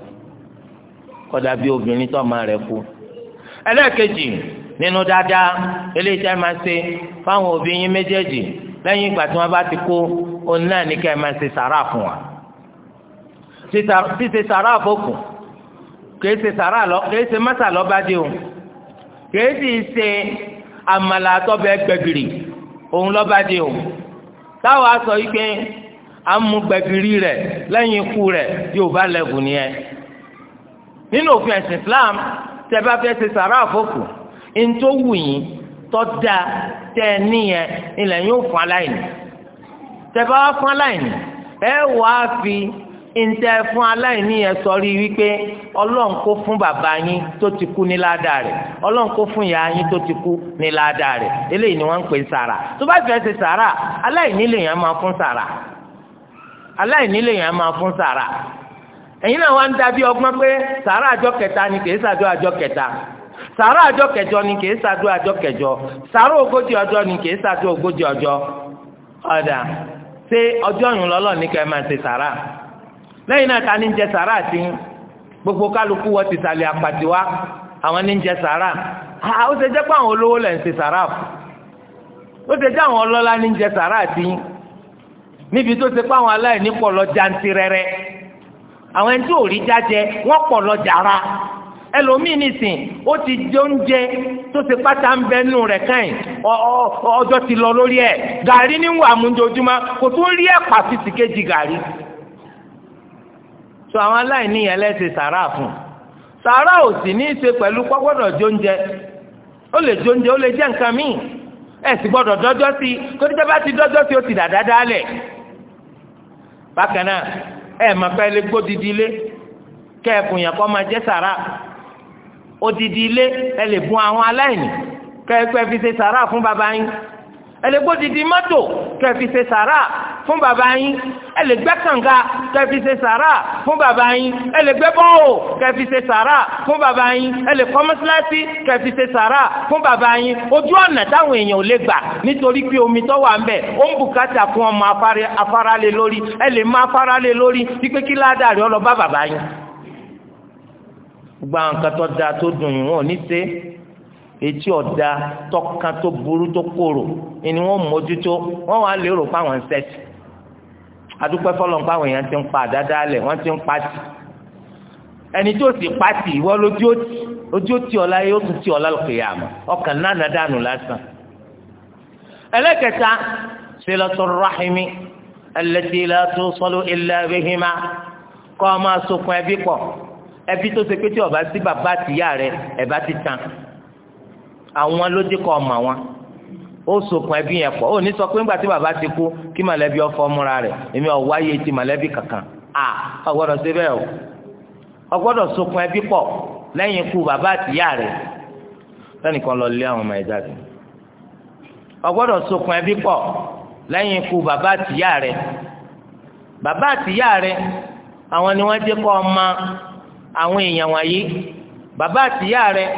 kọ́dà bí obìnrin tó máa rẹ̀ kú. ẹlẹ́ẹ̀kejì nínú dáadáa eléyìí tẹ́ máa ṣe fáwọn òbí yín méjèèjì lẹ́yìn ìgbà tí wọ́n bá ti kó òun náà ní kẹ́ máa ṣe sàrà fún wa. ṣíṣe sàrà àfọkùn kìí ṣe sàrà lọ kìí ṣe mọ́sà lọ́ba dé o kìí sì ṣe àmàlà àtọ́bẹ̀ gbẹ̀gìrì òun lọ́ba dé o táwọn aṣọ yìí pé amúgbẹ̀gìrì rẹ̀ lẹ́yìn ikú rẹ̀ yóò bá lẹ́gùn nìyẹn nínú òfin ẹ̀sìn Islam tẹ bá fẹ́ ṣe sàrà àfọ́kù ntó wù yín tọ́da tẹ níyẹn ilẹ̀ yóò fún aláìní tẹ fún aláìní ẹ wàá fi. ntẹ fún aláìní yẹn sọrí wípé ọlọ́run kó fún bàbá yín tó ti kú ní ládàá rẹ̀ ọlọ́run kó fún ìyá yín tó ti kú ní ládàá rẹ̀ eléyìí ni wọ́n ń pè sàrà tó bá fẹ́ sàrà aláìní lè yàn máa fún sàrà aláìní lè yàn máa fún sàrà ẹ̀yin náà wá ń dàbí ọgbọ́n pé sàrà àjọ ni kìí ṣàdó àjọ kẹta sàrà àjọ ni kìí ṣàdó àjọ kẹjọ sàrà ni kìí ogójì ọ̀dà ṣé ọjọ́ lẹ́yìn náà ta ni ń jẹ gbogbo kálukú wọ́n ti sàlẹ̀ àpàtì wa àwọn ní ń jẹ sàrà ah, ó ṣe jẹ́ pé àwọn olówó lẹ̀ ń ṣe sàrà ó ṣe jẹ́ àwọn ọlọ́lá ní ń jẹ sàrà àti níbi tó ṣe pé àwọn aláìní pọ̀ lọ jantirẹrẹ àwọn ẹni tí ò rí jájẹ wọ́n pọ̀ lọ jàrá ẹlòmíì nìsín ó ti jẹ oúnjẹ tó ṣe pátá ń bẹ nù rẹ̀ káyìn ọjọ́ ti lọ lórí ẹ̀ gàrí níwọ̀ àmújojúmọ́ kò tó rí gàrí. so àwọn aláìní yẹn lẹ́sẹ̀ sàrà fún sàrà ò sì ní í ṣe pẹ̀lú pọ́gbọ́dọ̀ jóúnjẹ ó lè jóúnjẹ ó lè jẹ́ nǹkan míì ẹ̀ sì gbọ́dọ̀ dọ́jọ́ sí i torí tẹ́ bá ti dọ́jọ́ sí i ó ti dàda dálẹ̀ bákan náà ẹ̀ ilé yẹn kọ́ máa jẹ́ sàrà odidi ilé ẹ lè bùn àwọn aláìní kẹ́ẹ̀kọ́ ẹ fi ṣe sàrà fún bàbá yín ẹ lè gbó didi mọ́tò kẹfì ṣe sàrà fún bàbá yín ẹ lè gbẹ́ kànga kẹfì ṣe sàrà fún bàbá yín ẹ lè gbẹ́ bọ́ọ̀ kẹfì ṣe sàrà fún bàbá yín ẹ lè kọ́ mọ́sálásí kẹfì ṣe sàrà fún bàbá yín ojú ọ̀nà táwọn èèyàn ò lè gbà nítorí pé omi tó wà ń bẹ̀ ó ń bùkátà fún ọmọ afárá lórí ẹ lè má lórí wípé kí ládàrí ọlọ bá bàbá yín gbogbo da tó dùn yìí wọn etí ọ̀dà tọ́kan tó burú tó kòrò ni wọ́n mójútó wọ́n wá lérò fáwọn sẹ́ẹ̀tì adúpẹ́ fọlọ́n fáwọn èèyàn ti ń pa àdáda alẹ̀ wọ́n ti ń pati ẹni tó sì pati ìwọ lójú òtì ojú òtì ọ̀la yóò tún ti ọ̀la lókè yà mọ́ ọkàn náà nàdánù lásán ẹlẹ́kẹta silatu rahimi allati la tusalu illa bihima kọ́ ọ máa sokun ẹbí pọ̀ ẹbí tó ṣe pé tí àwọn ló dé kọ ọmọ wọn ó sokùn ẹbí yẹn pọ̀ ó ní sọ pé ńgbà tí bàbá ti kú kí mọ̀lẹ́bí ọfọ múra rẹ̀ èmi ọwọ ayé ti mọ̀lẹ́bí kankan à ọgbọ́dọ̀ ṣe bẹ́ẹ̀ o ọgbọ́dọ̀ sokùn ẹbí pọ̀ lẹ́yìn ikú bàbá àtìyá rẹ̀ lẹ́nìkan lọ lé àwọn ọmọ ẹja rẹ̀ ọgbọ́dọ̀ sokùn ẹbí pọ̀ lẹ́yìn ikú bàbá àtìyá rẹ̀ bàbá àtìyá rẹ̀ àwọn ni wọ́n jẹ́ kọ ọmọ àwọn èèyàn wọ̀nyí bàbá àtìyá rẹ̀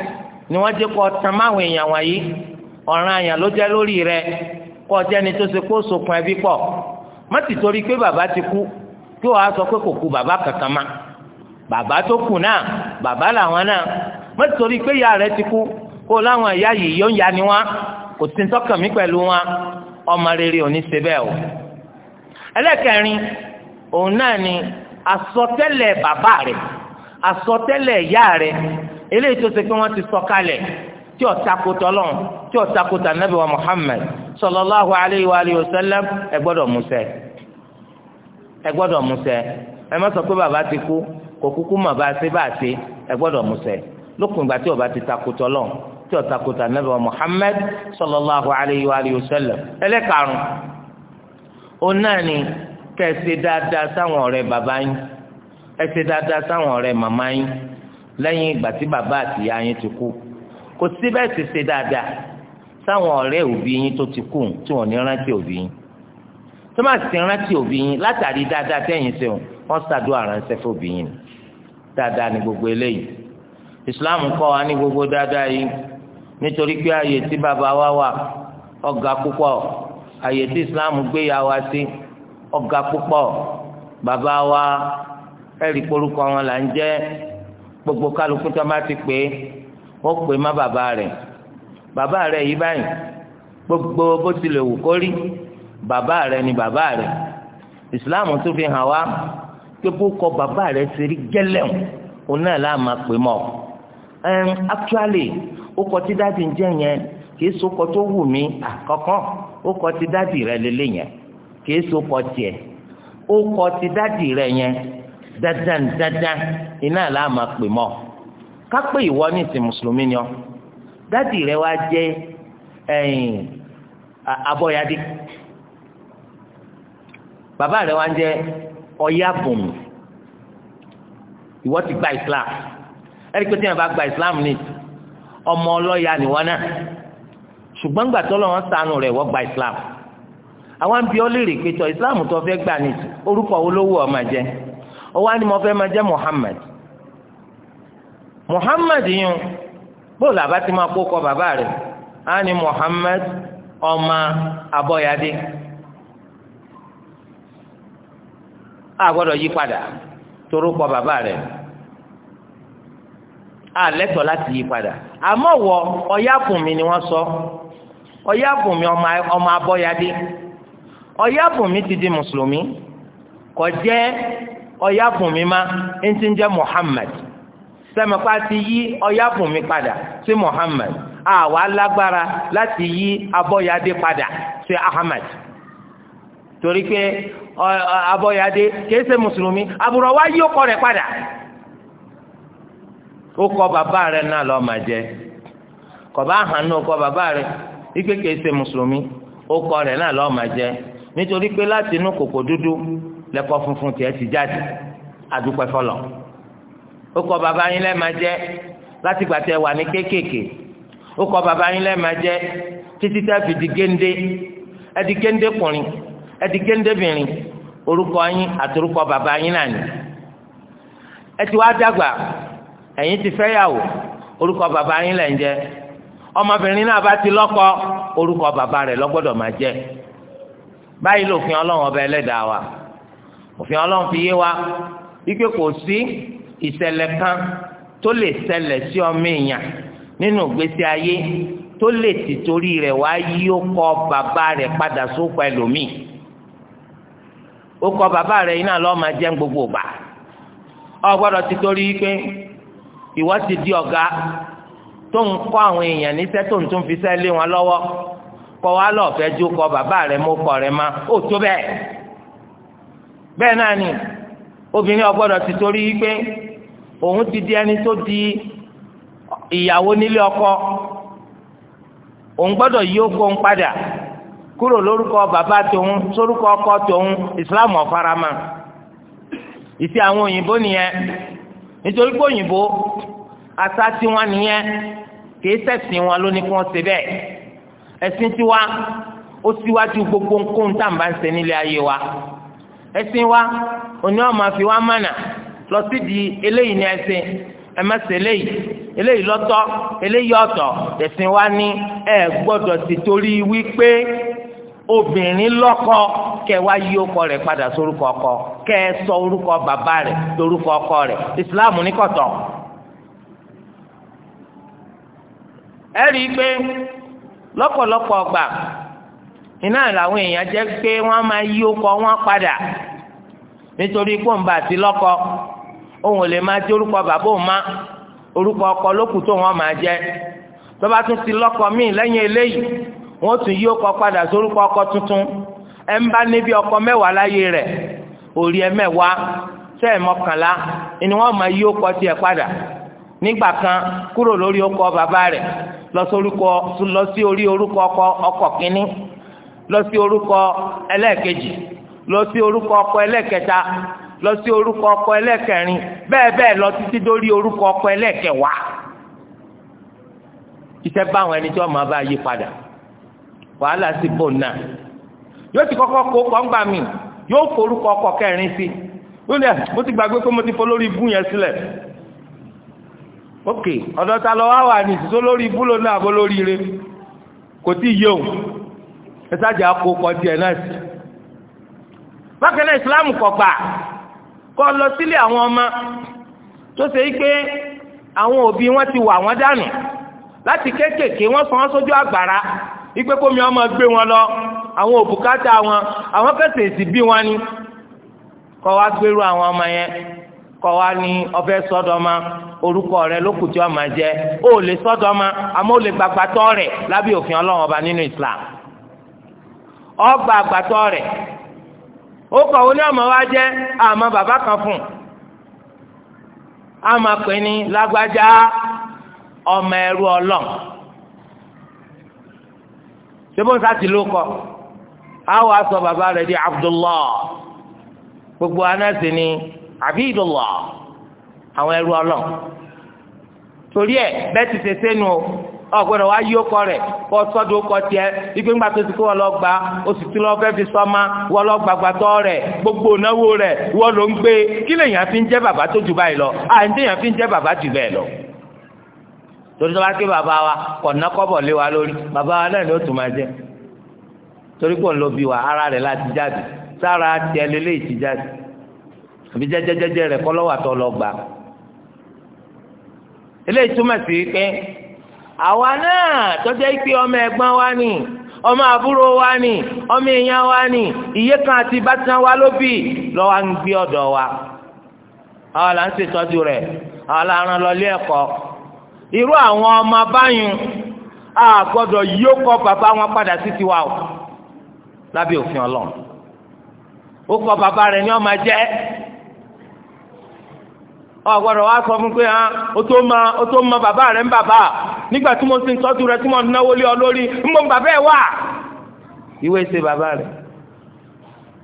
ni wọ́n jẹ́ kó ọtàn máwọn èèyàn wọ̀nyí ọ̀ràn àyàn ló jẹ́ lórí rẹ kó ọjẹ́ ni tó ṣe kó sokùn ẹbí pọ̀ má ti torí pé bàbá ti kú kí wàá sọ pé kò kú bàbá kankan má bàbá tó kù náà bàbá làwọn náà má ti torí pé ìyá rẹ ti kú kó láwọn ìyá yìí yóò ya ni wá kò sí tọkàn mí pẹ̀lú wọn ọmọ rere ò ní ṣe bẹ́ẹ̀ o ẹlẹ́kẹrin òun náà ni àsọtẹ́lẹ̀ bàbá rẹ̀ àsọtẹ́lẹ̀ ìyá rẹ̀ eléyìí tó ṣe pé wọ́n ti sọ kalẹ̀ tí ó tako Ọlọ́run tí ó tako Ànábì wa Muhammad sallallahu alayhi wa alihi wa sallam ẹ gbọ́dọ̀ musẹ ẹ gbọ́dọ̀ musẹ ẹ má sọ pé bàbá ti kú kò kúkú mà bá ṣe bá ṣe ẹ gbọ́dọ̀ musẹ lókun ìgbà tí ó bá ti tako Ọlọ́run tí ó tako Ànábì wa Muhammad sallallahu alayhi wa alihi wa sallam ẹlẹ́karùn òun náà ni kẹ́ dáadáa sáwọn ọ̀rẹ́ bàbá yín ẹ dáadáa sáwọn ọ̀rẹ́ màmá yín lẹ́yìn ìgbà tí bàbá àti ìyá yín ti kú kò sí bẹ́ẹ̀ sì ṣe dáadáa sáwọn ọ̀rẹ́ òbí yín tó ti kú tí wọ́n ní rántí òbí yín tó má sì rántí òbí yín látàrí dáadáa tẹ́yìn ṣeun wọ́n ṣàdúrà ránṣẹ́ fòbí yín dáadáa ni gbogbo eléyìí Islam kọ́ wa ní gbogbo dáadáa yìí nítorí pé ààyè tí bàbá wa wà ọ̀gá púpọ̀ ààyè tí Islam gbé ya wa sí ọ̀gá púpọ̀ bàbá wa ẹ̀rí korúkọ wọn là ń jẹ́ gbogbo kálukú tó bá ti pè é ó pè má bàbá rẹ̀ bàbá rẹ̀ yìí báyìí gbogbo bó tilẹ̀ wù kó rí bàbá rẹ̀ ni bàbá rẹ̀ ìsìláàmù tún fi hàn wá pé bó kọ bàbá rẹ̀ ṣe rí gẹ́lẹ́m òun náà láà máa pè mọ́ ẹn actually ó kọ tí dáàdì ń jẹ́ yẹn kì í so kọ tó wù mí àkọ́kọ́ ó kọ tí dáàdì rẹ̀ lélẹ̀ yẹn so kọ tiẹ̀ ó kọ tí dáàdì rẹ̀ yẹn dandan dandan iná làá máa pè mọ́ kápẹ́ ìwọ ní ìsìn mùsùlùmí ni ọ dádì rẹ wá jẹ́ ẹ̀yìn abọ́yadé bàbá rẹ wá ń jẹ́ ìwọ ti gba Islam ẹ̀rí pé tí wọn bá gba Islam ni. ọmọ ọlọ́yà nìwọ náà ṣùgbọ́n gbà tọ́lọ́ wọn sànù rẹ̀ wọ́n gba Islam àwọn àbí lè rè pé tọ́ Islam tó fẹ́ gbà ní orúkọ olówó ọmọ jẹ́ ó wá ní mo fẹ́ máa jẹ́ Muhammad Muhammad yìí bóòlù ti máa kó kọ bàbá rẹ̀ á ní Muhammad ọmọ abọ́yadé a gbọ́dọ̀ yí padà toró kọ bàbá rẹ̀ a lẹ́tọ̀ọ́ láti yí padà àmọ́ wọ ọ̀yáfùnmi ni wọ́n sọ ọ̀yáfùnmi ọmọ abọ́yadé ti di mùsùlùmí ọya fún mi má ń ń ti yí ọya fún mi padà sí Muhammad àwa lágbára láti yí abọ́yadé padà sí Ahmad torí pé abọ́yadé kìí ṣe mùsùlùmí àbúrò wa yí ọkọ padà ó kọ bàbá rẹ náà lọ́ọ́ jẹ kọba hàn ní ọkọ bàbá ike ikpe kìí ṣe mùsùlùmí ó kọ náà jẹ nítorí lẹ́kọ́ funfun tiẹ̀ ti jáde adúpẹ́ fọlọ́ ó kọ baba yín lẹ́ẹ̀ jẹ́ láti gbà tẹ wà ní kéékèèké ó kọ bàbá yín lẹ́ẹ̀ jẹ́ títí tá di géńdé ẹdi géńdé kùnrin ẹdi géńdé bìnrin orúkọ yín yín náà ni ẹ wá dàgbà ẹ̀yin ti fẹ́ yàwó orúkọ bàbá yín lẹ́ jẹ́ ọmọbìnrin náà bá ti lọ́kọ orúkọ je rẹ̀ lọ́gbọ́dọ̀ máa jẹ́ báyìí lòfin ọlọ́run ọba ẹlẹ́dàá wa. òfin ọlọ́run fi yé wa wípé kò sí ìṣẹ̀lẹ̀ kan tó lè ṣẹlẹ̀ sí ọmọ èèyàn nínú ìgbésí ayé tó lè ti torí rẹ̀ wá yí ó kọ bàbá rẹ̀ padà sóko ẹlòmíì ó kọ bàbá rẹ̀ iná lọ́ọ́ máa jẹ́ gbogbo ìgbà ọ gbọ́dọ̀ ti torí pé ìwọ ti di ọ̀gá tó ń kọ́ àwọn èèyàn níṣẹ́ tó ń tún fi ṣẹ́ lé wọn lọ́wọ́ kọ́ wa lọ́ọ́ fẹ́ bàbá rẹ̀ mọ́ rẹ̀ má ó tó bẹ́ẹ̀. bẹ́ẹ̀ náà ni obìnrin ọgbọ́dọ̀ ti torí pé òun ti di ẹni tó di ìyàwó nílé ọkọ òun gbọ́dọ̀ yí oko òun padà kúrò lórúkọ bàbá tòun sórúkọ ọkọ tòun ìsìláàmù ọ̀farama ìsì àwọn òyìnbó nìyẹn nítorí pé òyìnbó àṣà tiwọn nìyẹn kìí ṣẹ̀sìn wọn ló ní kí bẹ́ẹ̀ ẹ̀sìn tiwa ó síwájú gbogbo nǹkan tá à ń bá ń ṣe nílé ayé wa. ẹ̀sìn wa òní wọn máa fi mánà lọ sí di eléyìí ní ẹ̀sìn ẹ má ṣe eléyìí eléyìí lọ́tọ̀ eléyìí ọ̀tọ̀ ẹ̀sìn wa ní ẹ gbọ́dọ̀ ti torí wípé obìnrin lọ́kọ kẹ wá yí ọkọ rẹ̀ padà sórúkọ ọkọ kẹ sọ orúkọ bàbá rẹ̀ lórúkọ ọkọ rẹ̀ ìsìláàmù ní ẹ rí i pé lọ́pọ̀lọpọ̀ ọgbà iná làwọn èèyàn jẹ́ pé wọ́n máa yí ọkọ wọn padà nítorí pọ́ǹba ti lọ́kọ òun ò lè máa jẹ́ orúkọ bàbá òun má orúkọ ọkọ tó wọn máa jẹ́ tó bá tún ti lọ́kọ míì lẹ́yìn eléyìí wọ́n tún ọkọ padà sórúkọ ọkọ tuntun ẹ̀ ń bá níbi ọkọ mẹ́wàá láyé rẹ̀ òrí ẹ mẹ́wàá mọ́kànlá ni wọ́n ọkọ tiẹ̀ padà nígbà kan kúrò ọkọ bàbá rẹ̀ lọ sí orí orúkọ ọkọ ọkọ kínní lọ sí orúkọ ẹlẹ́ẹ̀kejì lọ sí orúkọ ọkọ ẹlẹ́ẹ̀kẹta lọ sí orúkọ ọkọ ẹlẹ́ẹ̀kẹrin bẹ́ẹ̀ bẹ́ẹ̀ lọ títí dórí orúkọ ọkọ ẹlẹ́ẹ̀kẹwàá iṣẹ́ bá àwọn ẹni tí wọ́n máa bá yí padà wàhálà sí bọ́ọ̀n náà yóò ti kọ́kọ́ kó kọ́ńgbà mi yóò forúkọ ọkọ kẹrin sí ó lẹ mo ti gbàgbé pé mo ti fọ lórí ibú yẹn sílẹ̀ ok ọ̀dọ́ta lọ wá wà ní ìsísó lórí ibú lónà àbó lórí ire kò tí ì yé òun ẹ sáàjà kó kọjú ẹ náà sí. bákan náà ìsìláàmù kọ̀gbà kọ́ lọ sílé àwọn ọmọ tó ṣe pé àwọn òbí wọn ti wà wọ́n dànù láti kéékèèké wọ́n sọ wọ́n sójú àgbàrá ipe kómi ọmọ gbé wọn lọ àwọn òbúkátà wọn àwọn kẹsẹ̀ èsì bí wọn ni kọ́ wa gbèrú àwọn ọmọ yẹn kọ́ wa ní ọbẹ̀ sọ́dọ̀ ma orúkọ rẹ ló kù tí wọn máa jẹ ó lè sọdọ ma àmọ́ ó lè gbàgbà tọ rẹ lábẹ́ òfin Ọlọ́run ọba nínú Islam ọgbà àgbàtọ́ rẹ̀ ó kọ̀ wọ́n ní ọmọ wa jẹ́ àmọ́ bàbá kan fún un a máa pè ní lágbájá ọmọ ẹrú ọlọ́n sebonsa ti ló kọ a wàá sọ bàbá rẹ̀ di Abdullah gbogbo anásì ni Abidullah àwọn ẹrú ọlọ́n torí ẹ bẹ́ẹ̀ ti ṣe sẹ́nu o. ọ̀gbọ́dọ̀ wa yí ọkọ rẹ̀ k'ọ sọ́dọ̀ ọkọ tiẹ̀ tó ti kó wọn lọ gba fẹ́ fi rẹ̀ gbogbo náwó rẹ̀ wọ́n ló ń gbé kí lèèyàn fi ń jẹ́ bàbá tó báyìí lọ fi ń jẹ́ bàbá jù wa kọ́bọ̀ wa lórí bàbá wa náà ni ó tún máa jẹ́ torí pò ń lo bí wa ara rẹ̀ láti jáde àwa náà tọ́jọ́ ìpè ọmọ ẹ̀gbọ́n wa ni ọmọ àbúrò wa ni ọmọ èèyàn wa ni ìyé kan àti ìbátan wa ló bì lọ́wọ́ ń gbé ọ̀dọ̀ wa àwa là ń ṣètọ́jú rẹ̀ àwa là ń lọ ilé ẹ̀kọ́ irú àwọn ọmọ báyìí a gbọ́dọ̀ yíó bàbá wọn padà sí tiwa o lábẹ́ òfin Ọlọ́run ó kọ bàbá rẹ̀ ní ọmọ jẹ́ ọ̀gbọ́dọ̀ wá sọ fún pé hàn ó tó ma ó tó ma bàbá rẹ̀ ń bàbá nígbà tí mo ti ń tọ́jú rẹ̀ tí mo náwó lé ọ lórí ń mọ bàbá ẹ̀ wà. ìwé ṣe bàbá rẹ̀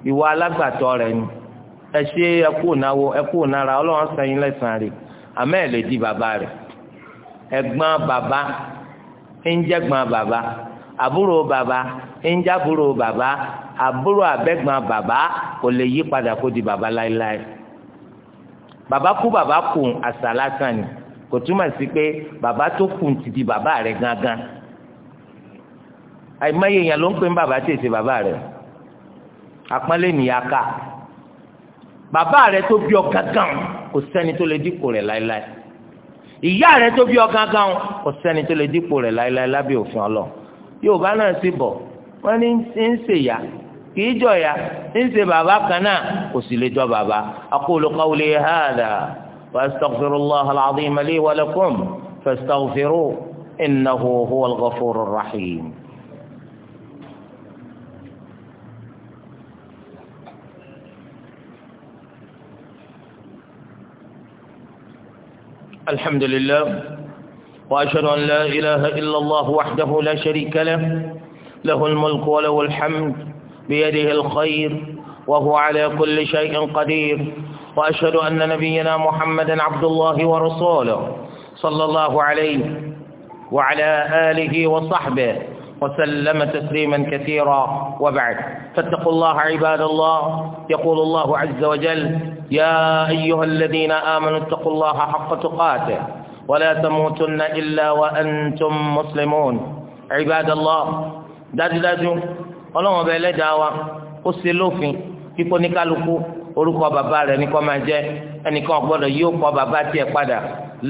ìwà alágbàtọ́ rẹ̀ ni ẹ ṣe ẹkú náwó ẹkú nára ọlọ́run sẹ́yìn lẹ́sàn-án rẹ̀ àmọ́ ẹ̀ lè di bàbá rẹ̀ ẹ̀gbọ́n bàbá ń jẹ́gbọ́n bàbá àbúrò bàbá ń jábúrò bàbá àbúrò àbẹ́gbọ́n bàbá kò lè yí padà kó di bàbá láéláé. Baba kú bàbá kù àṣà lásán ni kò túmọ̀ sí pé bàbá tó kù ti di bàbá rẹ̀ gangan àìmọye èèyàn ló ń pè ń bàbá tètè bàbá rẹ̀ àpọ́nlé nìyá ká bàbá rẹ̀ tó bí ọ gángan kò sẹ́ni tó lè dípò rẹ̀ láéláé ìyá rẹ̀ tó bí ọ gángan kò sẹ́ni tó lè dípò rẹ̀ láéláé lábẹ́ òfin ọlọ Yorùbá náà sì bọ̀ wọ́n ní ń ṣèyà kìí jọ̀yà ń ṣe bàbá kan náà kò sì lè jọ bàbá aqulu qawli hadha wa astaghfirullah al-azim li wa lakum fastaghfiruhu innahu huwal ghafurur rahim. الحمد لله وأشهد أن لا إله إلا الله وحده لا شريك له له الملك وله الحمد بيده الخير وهو على كل شيء قدير وأشهد أن نبينا محمدا عبد الله ورسوله صلى الله عليه وعلى آله وصحبه وسلم تسليما كثيرا وبعد فاتقوا الله عباد الله يقول الله عز وجل يا أيها الذين آمنوا اتقوا الله حق تقاته ولا تموتن إلا وأنتم مسلمون عباد الله داج داج ọlọ́wọ́n bẹ ẹlẹ́dàá wa ó ṣe lófin kíkó ní kálukú orúkọ bàbá rẹ̀ ní kó máa jẹ́ ẹnìkan ọ̀gbọ́dọ̀ yóò kọ bàbá tiẹ̀ padà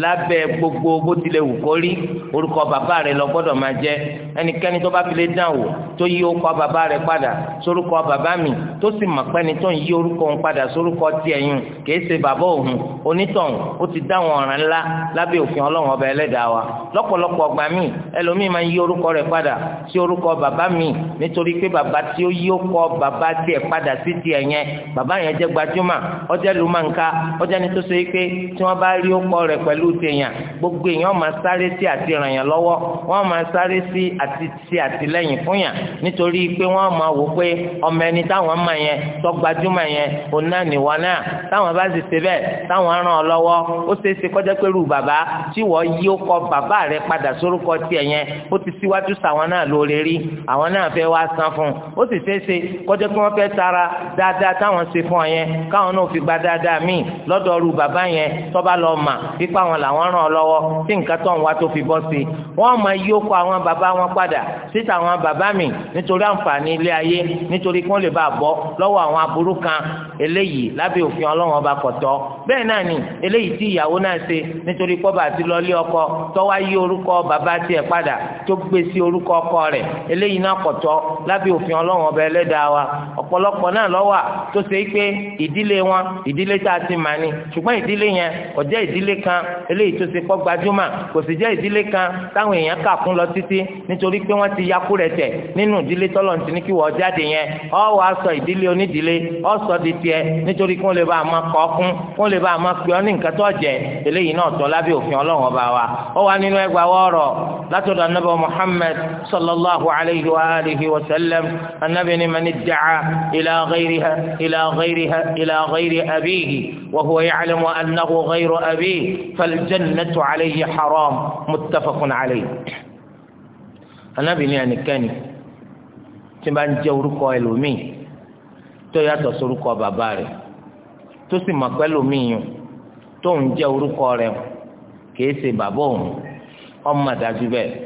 lábẹ́ gbogbo bó tilẹ̀ wù kó rí orúkọ bàbá rẹ̀ lọ gbọ́dọ̀ máa jẹ́ ẹnikẹ́ni tó bá fi lè dán wò tó yí orúkọ bàbá rẹ̀ padà sórúkọ bàbá mi tó sì mọ̀ pẹ́ni tó ń yí orúkọ òun padà sórúkọ tiẹ̀ yùn kìí ṣe bàbá òun onítọ̀hún ó ti dáwọn ọ̀ràn ńlá lábẹ́ òfin ọlọ́run ọba ẹlẹ́dàá wa lọ́pọ̀lọpọ̀ ọgbà míì ẹlòmíì máa ń yí orúkọ rẹ̀ padà sí orúkọ bàbá mi nítorí pé bàbá tí ó yí orúkọ bàbá tiẹ̀ padà sí tiẹ̀ yẹn bàbá yẹn jẹ́ gbajúmọ̀ ó jẹ́ lùmọ̀ǹká ó jẹ́ni tó so yìí pé tí wọ́n bá rí ọkọ rẹ̀ pẹ̀lú tèèyàn gbogbo èèyàn máa sáré sí àti ràn yàn lọ́wọ́ wọ́n máa sáré sí àti sí àtìlẹ́yìn fún yàn nítorí pé wọ́n máa wò pé ọmọ ẹni táwọn mọ̀ yẹn tó gbajúmọ̀ yẹn òun náà nìwọ náà táwọn bá sì ṣe bẹ́ẹ̀ táwọn ràn ọ́ lọ́wọ́ ó ṣeé ṣe kọ́jọ́ pé rú bàbá tí wọ́n yí ó bàbá rẹ padà sórúkọ tiẹ̀ yẹn ó ti síwájú sàwọn náà lóore rí àwọn náà fẹ́ wá san fún ó sì ṣeé ṣe kọ́jọ́ pé wọ́n fẹ́ tara dáadáa táwọn ṣe fún ọ yẹn káwọn náà fi gba dáadáa míì lọ́dọ̀ ọrù bàbá yẹn tọ́ba lọ mà pípa wọn làwọn ràn ọ́ lọ́wọ́ tí nǹkan tó ń wá tó fi bọ́ sí i wọ́n máa yí okò àwọn bàbá wọn padà síta àwọn bàbá mi nítorí àǹfààní ilé ayé nítorí kí wọ́n lè bá a bọ́ lọ́wọ́ àwọn aburú kan eléyìí lábẹ́ òfin ọlọ́run ọba kọ̀tọ́ bẹ́ẹ̀ náà ni eléyìí tí ìyàwó náà ṣe nítorí pọ́bà àti lọ́lé ọkọ tọ́wá yí orúkọ bàbá tiẹ̀ padà tó gbé sí orúkọ ọkọ rẹ̀ eléyìí náà kọ̀tọ́ lábẹ́ òfin ọlọ́run ọba ẹlẹ́dàá wa ni ṣùgbọ́n ìdílé yẹn kò jẹ́ ìdílé kan eléyìí tó ṣe kọ́ gbajúmọ̀ kò sì jẹ́ ìdílé kan táwọn èèyàn kà kún lọ títí nítorí pé wọ́n ti yakú rẹ̀ tẹ̀ nínú ìdílé tọ́lọ̀ ní tinubu wọ́n jáde yẹn ọ wà sọ ìdílé onídìílé ọ sọ di tiẹ̀ nítorí kí wọ́n lè bá a máa kọ́ kún kí wọ́n lè bá a máa pè ọ́ ní nǹkan tó jẹ́ eléyìí náà tọ́ lábẹ́ òfin ọlọ́run ọba wa ọ وهو يعلم أنه غير أبيه فالجنة عليه حرام متفق عليه Ànábì ní ẹnikẹ́ni tí ó bá ń jẹ́ orúkọ ẹlòmíì tó yàtọ̀ sórúkọ bàbá rẹ̀ tó sì mọ̀ pé ẹlòmíì yìí tó ń jẹ́ orúkọ rẹ̀ kìí ṣe bàbá òun ọmọ dájú bẹ́ẹ̀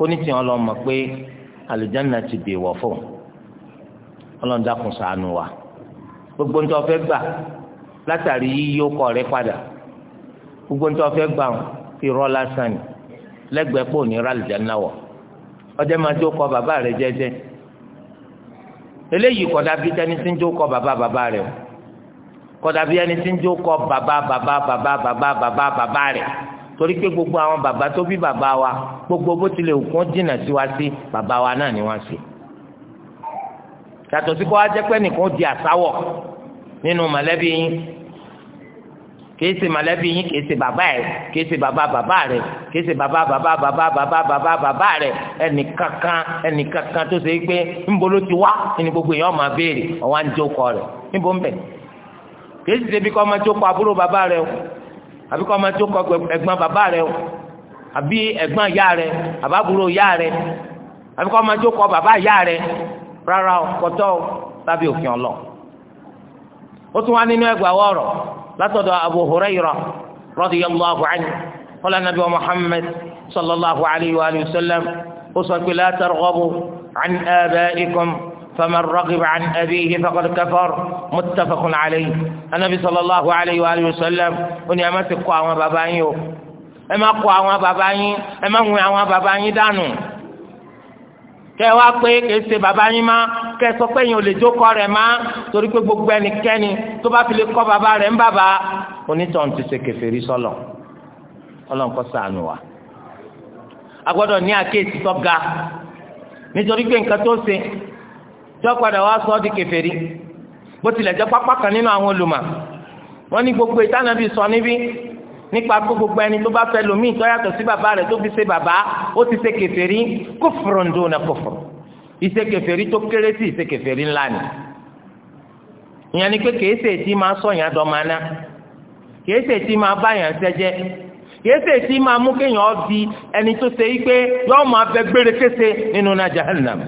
ó ní tiwọn lọ mọ̀ pé àlùjáná ti dèwọ̀ fún un ọlọ́run dákun ṣàánú wa gbogbo ń tọ́ fẹ́ gbà látàrí yíyí ọkọ rẹ padà gbogbo ń tọ́ fẹ́ gbà wọn irọ́ lásán ni lẹ́gbẹ̀ẹ́ pò ní ràlìjáná wọ̀ ọjọ́ máa jó kọ bàbá rẹ jẹ́jẹ́ eléyìí kódà bí tẹni tí ń jó kọ bàbá bàbá rẹ o kódà bí ẹni tí ń jó kọ bàbá bàbá bàbá bàbá bàbá bàbá rẹ torí pé gbogbo àwọn bàbá tó bí bàbá wa gbogbo bó tilẹ̀ òkun jìnnà sí wa sí bàbá wa náà ni wọ́n ṣe yàtọ̀ sí kó wá jẹ́ pé nìkan di àsáwọ̀ nínú mọ̀lẹ́bí yín kìí ṣe mọ̀lẹ́bí yín kìí ṣe bàbá ẹ̀ kìí ṣe bàbá bàbá rẹ̀ kìí ṣe bàbá bàbá bàbá bàbá bàbá bàbá rẹ̀ ẹnì kankan ẹnì kankan tó ṣe pé ńbolo ti wá ẹni gbogbo yẹn ọmọ abéèrè ọwọ́ à ń jókòó rẹ̀ níbo ń bẹ̀ kìí ṣe bí kọ́ ọmọ jókòó àbúrò bàbá rẹ̀ o àbí kọ́ ọmọ jókòó ẹ̀gbọ́n bàbá rẹ̀ o àbí ẹ̀gbọ́n ìyá rẹ̀ àbábúrò ìyá rẹ̀ àbí kọ́ ọmọ jókòó bàbá ìyá rẹ̀ rárá o kọ́tọ́ òfin ọlọ́ọ̀ ó tún wá nínú ẹgbàá wọ̀rọ̀ látọ̀dọ̀ Abu Hurairah radiyallahu anhu qala nabi Muhammad sallallahu alayhi wa sallam ó sọ pé la targhabu an abaikum faman raghiba an abihi faqad kafar muttafaqun alayhi anabi sallallahu alayhi wa sallam ó ní ẹ má ti kọ àwọn bàbá yín o ẹ má àwọn bàbá yín ẹ má hun àwọn bàbá yín dànù kẹ wá pé kìí ṣe bàbá yín má kẹ sọ pé yín ò lè jókòó rẹ má torí pé gbogbo ẹnikẹ́ni tó bá fi lè kọ́ bàbá rẹ̀ ń bàbá onítàn ti ṣe kèfèrí sọlọ Ọlọ́run kó wa. a gbọ́dọ̀ ní àkéèsí tó ga nítorí pé nǹkan tó ṣe tó padà wá sọ ọ́ di kèfèrí bó tilẹ̀ jẹ́ pápá kan nínú àwọn olùmọ̀ wọ́n ní gbogbo ìtànàbí sọ níbí nípa kó gbogbo ẹni tó bá fẹ́ lomi tó yàtọ̀ sí bàbá rẹ̀ tó fi ṣe bàbá ó ti ṣe kèfèrí kufrun duna kufr ìṣe kèfèrí tó kéré sí ìṣe kèfèrí ńlá ni ìyẹn ni pé kèé ṣe tí máa sọ̀yàn dọ̀mọ́ná kèé ṣe tí máa báyàn ṣẹ́jẹ́ kèé ṣe tí máa mú kéèyàn di ẹni tó ṣe wípé yọ́ọ́ máa bẹ gbére kése nínú náà jahannam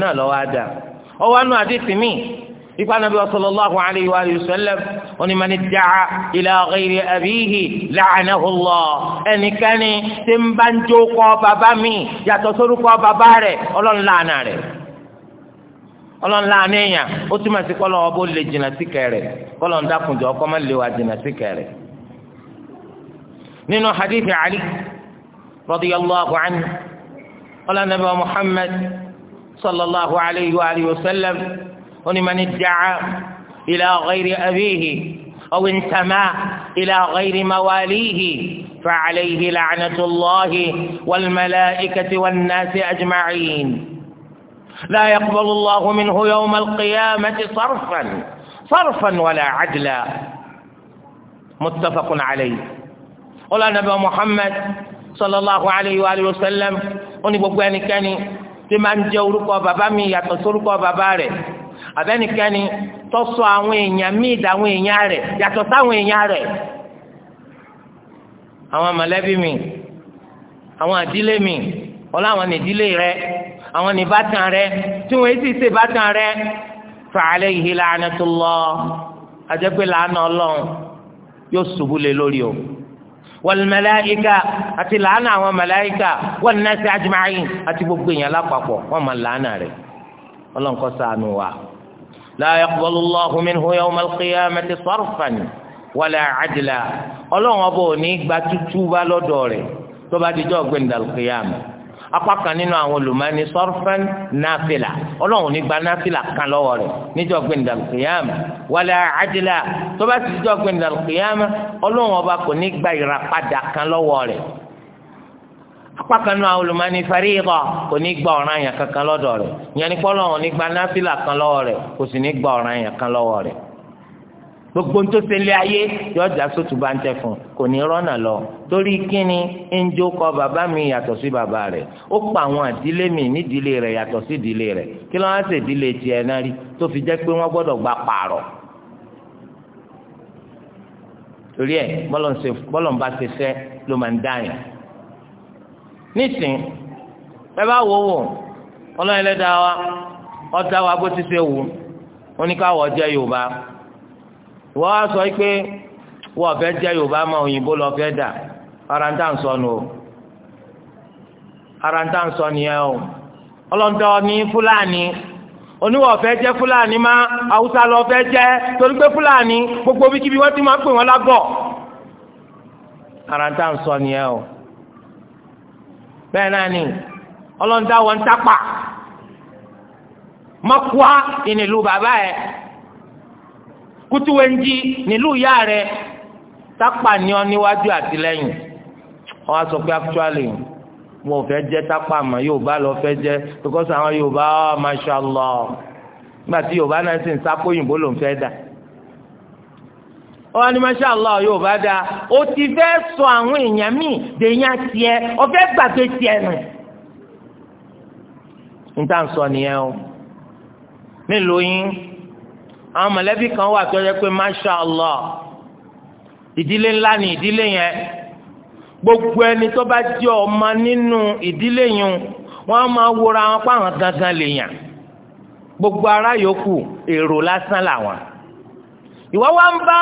náà lọ́wọ́ á dáa ọwọ́ anú àdìsí mi ipa nabi sallallahu alayhi wa sallam oni mani daca ila ghayri abihi la'anahu Allah ẹnikẹ́ni tí ń bá ń jókòó bàbá mi yàtọ̀ sórúkọ bàbá rẹ̀ ọlọ́run làánà rẹ̀ ọlọ́nla àníyàn ó túmọ̀ sí kọ́lọ́ ọbọ̀ lè jìnnà sí kẹrẹ kọ́lọ́ ń dákunjọ ọkọ́ má lè wà jìnnà sí kẹrẹ. nínú hadithi ali radiyallahu anhu ọlọ́nàbẹ́ muhammad صلى الله عليه وآله وسلم ولمن ادعى إلى غير أبيه أو انتمى إلى غير مواليه فعليه لعنة الله والملائكة والناس أجمعين لا يقبل الله منه يوم القيامة صرفا صرفا ولا عدلا متفق عليه قال نبي محمد صلى الله عليه وآله وسلم أني بقواني كاني tí máa ń jẹ orúkọ bàbá mi yàtọ̀ sórúkọ bàbá rẹ̀ àbẹ́nikẹ́ni tó sọ àwọn èèyàn míì dáwọn èèyàn rẹ̀ yàtọ̀ sáwọn èèyàn rẹ̀ àwọn mọ̀lẹ́bí mi àwọn àdílé mi ọláwọn nìdílé rẹ àwọn nìbátan rẹ tí wọ́n ti ṣe bátan rẹ fàálẹ̀ ìhìlá ànátúlọ́ àjẹpẹ́ làánà ọlọ́run yóò ṣubú lé lórí o wàlmẹláyíkà àti làánà àwọn mẹláyíkà wọn náà ṣe àjùmáyìn àti gbogbo èèyàn lápapọ̀ wọn máa làánà rẹ̀ ọlọ́nkọ́ sànù wa. la yaqbalu Allahu minhu yawma al-qiyamati sarfan wala adla ọlọ́run ọba ò ní gba tútú bá lọ́dọ̀ rẹ̀ tó bá dijọ́ gbẹ̀ndàlùkìyàmù apá kan nínú àwọn olùmọ́ni sọ́rfẹ́n náfìlà ọlọ́run ní gba náfìlà kan lọ́wọ́ rẹ̀ níjọ́ gbẹ̀ndà kìyàmù wàlẹ̀ àjẹlà tó bá ti jọ́ gbẹ̀ndà kìyàmù ọlọ́run ọba kò ní gba ìràpadà kan lọ́wọ́ rẹ̀ apá kan nínú àwọn olùmọ́ni fariidà kò ní gba ọ̀ranyàn kankan lọ́dọ̀ rẹ̀ ìyẹn ni ní gba náfìlà kan lọ́wọ́ rẹ̀ kò sì ní gba ọ̀ranyàn kan lọ́wọ́ rẹ̀ gbogbo ń tó ṣẹlẹ̀ ayé yọ ọjà sótù bá ń tẹ fún kò ní rọ́nà lọ torí kíni ń jó kọ bàbá mi yàtọ̀ sí bàbá rẹ̀ ó pa àwọn àdílé mi nídìílé rẹ̀ yàtọ̀ sí ìdílé rẹ̀ kí ló wá sí ìdílé tiẹ̀ náà rí tó fi jẹ́ pé wọ́n gbọ́dọ̀ gba pààrọ̀ torí ẹ̀ bọ́lọ̀ ń bá ṣe fẹ́ ló máa ń dáyàn nísìn ẹ bá wò wò ọlọ́run ẹlẹ́dàá wa ọ̀dà wa bó ti ṣe wù ó ní Yorùbá wọ́n á sọ pé wọ́n fẹ́ jẹ́ yorùbá mọ́ òyìnbó lọ fẹ́ dà ara ń tà ń sọnù o ara ń tà ń sọ nìyẹn o ọlọ́dọ̀ ní fúlàní oníwọ̀ fẹ́ jẹ́ fúlàní má haúsá lọ fẹ́ jẹ́ torí pé fúlàní gbogbo bíkíbi wọ́n ti máa ń pè wọ́n lágọ̀ ara ń tà ń sọ nìyẹn o bẹ́ẹ̀ náà ni ọlọ́dọ̀ wọn ń tàpà mọ́kúá ìnílù bàbá ẹ̀. kútúwẹ́ńjì nílùú ìyá rẹ tápà ni ọ níwájú àti lẹ́yìn wọ́n sọ pé actually wọn ò fẹ́ jẹ́ tápà mọ́ yorùbá lọ fẹ́ jẹ́ because àwọn yorùbá ọ oh, mashallah nígbà tí yorùbá náà sì ń sápò òyìnbó ló ń fẹ́ dà wọ́n ní mashallah yorùbá dá o ti fẹ sọ àwọn èèyàn míì dèèyàn tiẹ̀ ọ̀fẹ́ gbàgbé tiẹ̀ nù níta ń sọ nìyẹn o nílùú yín. àwọn mọ̀lẹ́bí kan wà tó yẹ pé masha allah ìdílé ńlá ni ìdílé yẹn gbogbo ẹni tó bá jẹ́ ọmọ nínú ìdílé yẹn wọ́n á máa wòra wọn pa àwọn gangan lèèyàn gbogbo ará yòókù èrò lásán làwọn ìwọ wá ń bá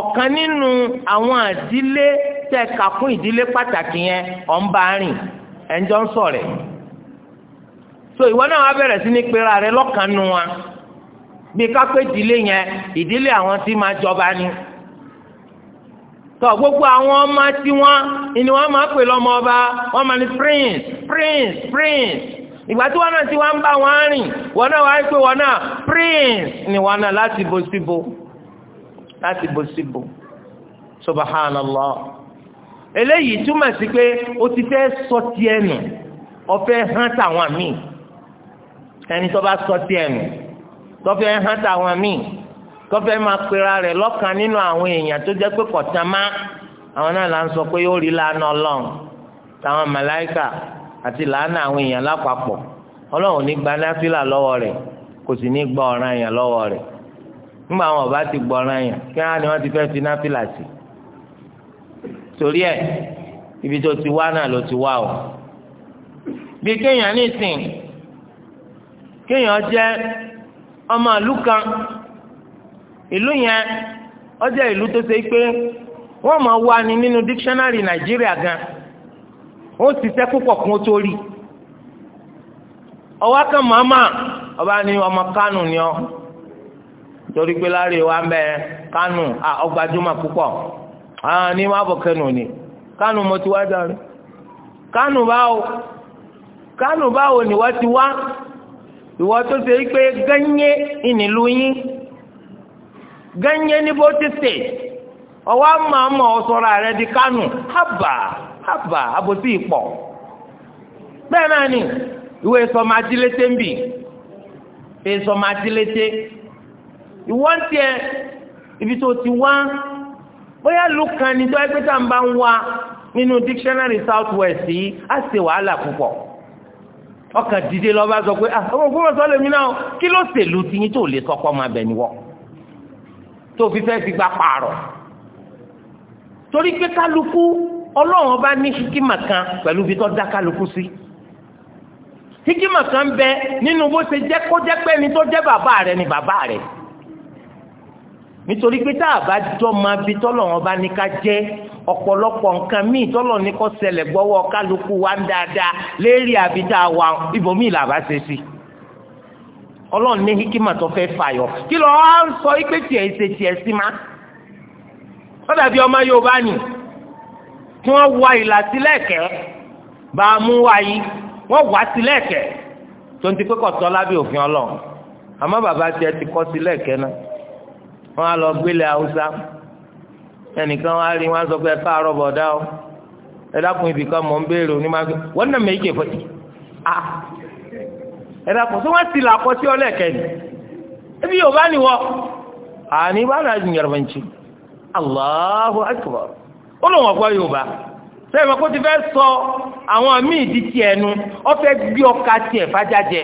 ọ̀kan nínú àwọn ìdílé tẹ́ kà fún ìdílé pàtàkì yẹn ọ̀ ń bá rìn ẹ̀ ń jọ ń sọ̀rẹ̀ so ìwọ náà wá bẹ̀rẹ̀ sí ní pera rẹ lọ́kàn nu wa bí kápẹ́ ìdílé yẹn ìdílé àwọn tí máa jọba ni tọ gbogbo àwọn ọmọ tí wọn ni wọn máa pè lọ́mọ ọba wọn máa ní prince prince prince ìgbà tí wọn náà ti wá ń bá wọn rìn wọn náà wáá pé wọn náà prince ni wọn náà láti bo síbo láti bo síbo subahánàlá eléyìí túmọ̀ sí pé o ti fẹ́ sọ tiẹ̀ nù ọ̀fẹ́ hàn táwọn míì ẹni tó bá sọ tiẹ̀ nù. tọ́fẹ́ hàn táwọn míì tọ́fẹ́ máa pera rẹ̀ lọ́kàn nínú àwọn èèyàn tó jẹ́ pé kọ̀tàn má àwọn náà là ń sọ pé yóò rí lánà ọlọ́run táwọn màláìkà àti lánà àwọn èèyàn lápapọ̀ ọlọ́run ò ní gba náfìlà lọ́wọ́ rẹ̀ kò sì ní gba ọ̀ràn yẹn lọ́wọ́ rẹ̀ nígbà wọn bá ti gbọ́ ọ̀ràn yẹn kí wọn ni wọn ti fẹ́ fi náfìlà sí torí ẹ̀ ibi tó ti wá náà ló ti wá o bí kéèyàn nísìn kéèyàn jẹ́ ọmọ ìlú kan ìlú yẹn ó jẹ́ ìlú tó ṣe pé wọ́n máa wá nínú dictionary nàìjíríà gan ó sì ṣe púpọ̀ kún ó tó rí ọwọ́ kan màmá ọba ni ọmọ kánù ni ọ torí pé láre wa ń bẹ kánù púpọ̀ ni wọn bọ̀ ni kánù mo ti wá kánù báwo kánù báwo ni wọ́n ti wá. ìwọ ṣe ganye ìnílù yín ganye ní bóti state ọwọ́ àmọ́ ọ̀sọ̀rọ̀ di kánù hábà hábà àbòsí ìpọ̀ bẹ́ẹ̀ náà ni ìwé sọmatílété ń bì ìwé sọmatílété ìwọ ń tiẹ̀ ibi tó ti wá bóyá lu tó ẹgbẹ́ tá ń south west yìí á ṣe wàhálà ọkàn dìde lọ́ba sọ pé ah ọmọ ògbómọ̀ sọ lèmi náà kí ló ṣèlú tiyín tó lè sọ pọ́ máa bẹ̀ níwọ̀ tó fi fẹ́ fi gba pààrọ̀ torí pé kálukú ọlọ́run bá ní hikima kan pẹ̀lú ibi tó dá kálukú sí hikima kan bẹ nínú bó ṣe jẹ́ kó jẹ́ pé ẹni tó jẹ́ bàbá rẹ ni bàbá rẹ nítorí pé tá a bá jọ máa bi tọ́lọ̀ wọn bá ní ká jẹ́ ọ̀pọ̀lọpọ̀ nǹkan míì tọ́lọ̀ ní kó ṣẹlẹ̀ gbọ́wọ́ kálukú wa ń dáadáa lérí àbí tá a wà ibòmíì làbá ṣe sí ọlọ́run ní hikima tó fẹ́ fàyọ kí lọ́ọ́ á ń sọ pé tiẹ̀ ṣe tiẹ̀ sí ma wọ́n dàbí ọmọ Yorùbá nì tí wọ́n wá ìlà sílẹ̀kẹ́ bá a mú wáyé wọ́n wá sílẹ̀kẹ́ tó ń ti pé kọ̀tọ́ lábẹ́ òfin ọlọ́run àmọ́ bàbá tiẹ̀ ti kọ́ sílẹ̀kẹ́ náà wọ́n á lọ gbélé haúsá ẹnìkan wá rí wọ́n á sọ pé ẹ káàárọ̀ bọ̀dá o ẹ dákun ibì kan mọ̀ ń béèrè òní máa fi wọ́n nà méjì fọ́ a ah! ẹ dákun tí wọ́n ti là kọ́ sí ọlẹ́kẹ̀ ni ebi yóò bá ní wọ́ àní bá náà ju yàrá ń ṣe Allahu akbar ó lóun ọ̀gbọ́ yóò bá sẹ́yìn mọ́ kó ti fẹ́ sọ àwọn míì di tiẹ̀ nu ọ fẹ́ gbé ọkà tiẹ̀ fájájẹ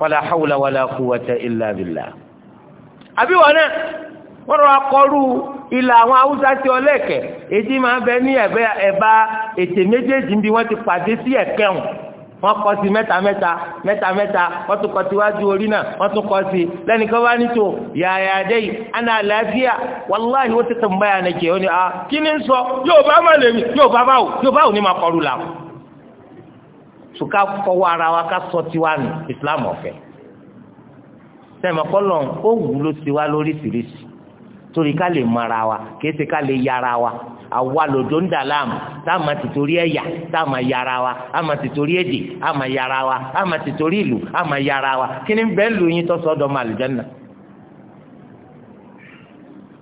wàlà hàwùlà wàlà kúwàtà ìlà bìlà àbí wọn náà wọ́n rọra kọrú ilà àwọn haúsá sí ọlẹ́ẹ̀kẹ́ èyí máa ń bẹ ní ẹ̀bá ètè méjèèjì bí wọ́n ti pàdé sí ẹ̀kẹ́hùn wọ́n kọ sí mẹ́ta mẹ́ta mẹ́ta mẹ́ta wọ́n tún kọ sí wájú orí náà wọ́n tún kọ sí lẹ́nìkan bá ní tó yàyà dẹ́yì ana àlàáfíà wàláhì wọ́n ti tẹ̀ mbáyà ní kì ọ́nì ah kí ni ń sọ yóò bá má lè mi yóò bá báwò yóò báwò ní ma wù ló torí ká lè mara wa kéésì ká lè wa àwa ń dà láàmú tá a ti torí ẹ̀yà wa a ti torí èdè a wa a ti torí ìlú a wa kí ni bẹ́ẹ̀ lù yín tọ́sọ́dọ̀ máa lè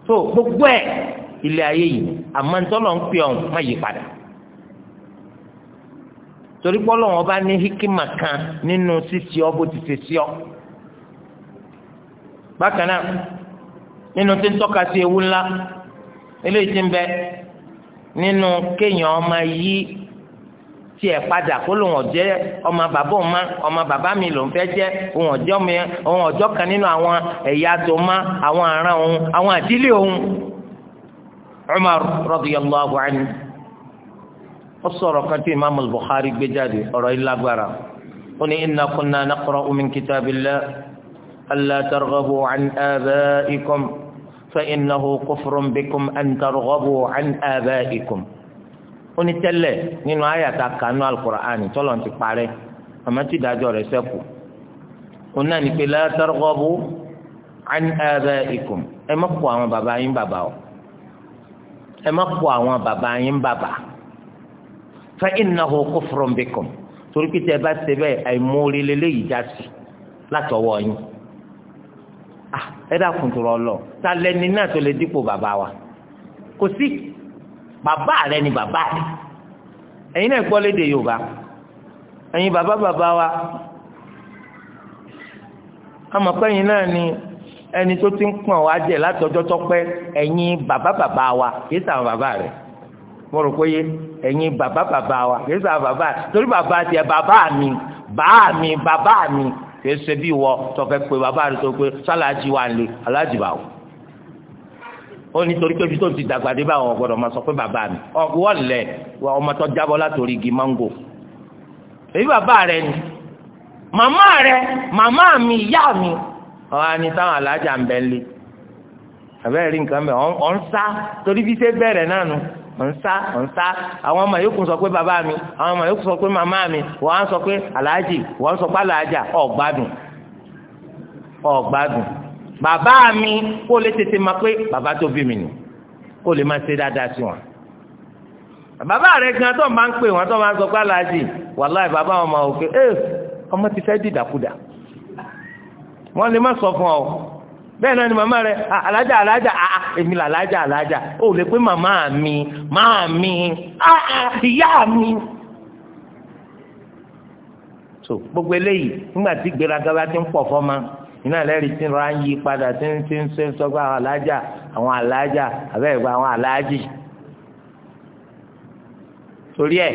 so gbogbo ẹ ilé ayé yìí ń pè ọ̀hún má yí padà torí pọ́lọ́ wọn bá kan nínú sísí ọ bó ti ṣe sí nínú tí ń tọ́ka sí ewu ńlá eléyìí ti ń bẹ nínú kéèyàn ọmọ yí tiẹ̀ padà kó ló wọ́n jẹ́ ọmọ bàbá òun má ọmọ bàbá mi ló ń fẹ́ jẹ́ òun ọjọ́ mi òun ọjọ́ kan nínú àwọn ẹ̀yà tó má àwọn aràn òun àwọn àdílé òun. Umar radiyallahu anhu ó sọ̀rọ̀ kan tí imaamu Bukhari gbé jáde ọ̀rọ̀ yìí lágbára ó ní inna kunna naqra'u min kitabillah alla targhabu an abaikum. فإنه كفر بكم أن ترغبوا عن آبائكم onítẹ́lẹ̀ nínú àyàtà kanú alukur'ani tọ́lọ̀ ti parẹ́ àmọ́ tí ìdájọ́ rẹ̀ sẹ́kù òun náà ní pé la targhabu an abaikum ẹ má pọ̀ àwọn bàbá yín bàbá o ẹ má pọ̀ àwọn bàbá yín bàbá fa innahu kufrun bikum torí pé tẹ́ ẹ bá ṣe bẹ́ẹ̀ àìmórí lélẹ́yìí já Ah, dákun tó rọ lọ ta lẹni náà tó lè dípò bàbá wa kò sí bàbá rẹ ni bàbá rẹ ẹ̀yin náà gbọ́ lédè Yorùbá ẹ̀yin bàbá bàbá wa amọ̀pẹ́yìn náà ni ẹni tó ti ń pọ̀n wá jẹ látọjọ́ tó pẹ́ ẹ̀yin bàbá bàbá wa kìí sàn bàbá rẹ̀ mo rò pé ẹ̀yin bàbá bàbá wa kìí sàn bàbá rẹ̀ torí bàbá tiẹ̀ bàbá mi bàá mi bàbá mi kìí ṣe bí wọ tọfẹ pé bàbá rẹ tó pé sálàájì wà ń lè aláàjì bá wò ó nítorí pé ibi tó ti dàgbà dé báwọn ọgbọdọ máa sọ pé bàbá mi ọgbọ lẹ ọmọ tó jábọ́ látòrí igi máńgò èyí bàbá rẹ ni màmá rẹ màmá mi ìyá mi ọ̀hán ni táwọn aláàjà ń bẹ́ẹ̀ lé àbẹ́rẹ́ rí nǹkan bẹ́ẹ̀ ọ̀ ń sá torí bí ṣe bẹ̀rẹ̀ náà nù ọ̀nsá ọ̀nsá àwọn ọmọ yòókù sọ pé bàbá mi àwọn ọmọ yòókù sọ pé màmá mi wọ́n á sọ pé aláàjì wọ́n sọ pé aláàjà ọ̀gbádùn ọ̀gbádùn bàbá mi kó lè tètè máa pé bàbá tó bí mi nì kó lè máa ṣe dáadáa sí wọn bàbá rẹ gan tó máa ń pè wọn tó máa ń sọ pé aláàjì wàláì bàbá wọn máa wò pé ọmọ ti fẹ́ dìdàkudà wọn lè má sọ fún ọ bẹ́ẹ̀ náà ni màmá rẹ̀ alájà alájà àà èmi là alájà alájà ó lè pé màmá mi màá mi àà ìyá mi. so gbogbo eléyìí nígbà tí gbéraga bá ti ń pọ̀ fọ́mọ iná ẹlẹ́rìí ti rán yí padà tí ń ti ń ṣe ń sọgbà àwọn alájà àwọn alájà àbẹ́ẹ̀gbà àwọn aláàjì. torí ẹ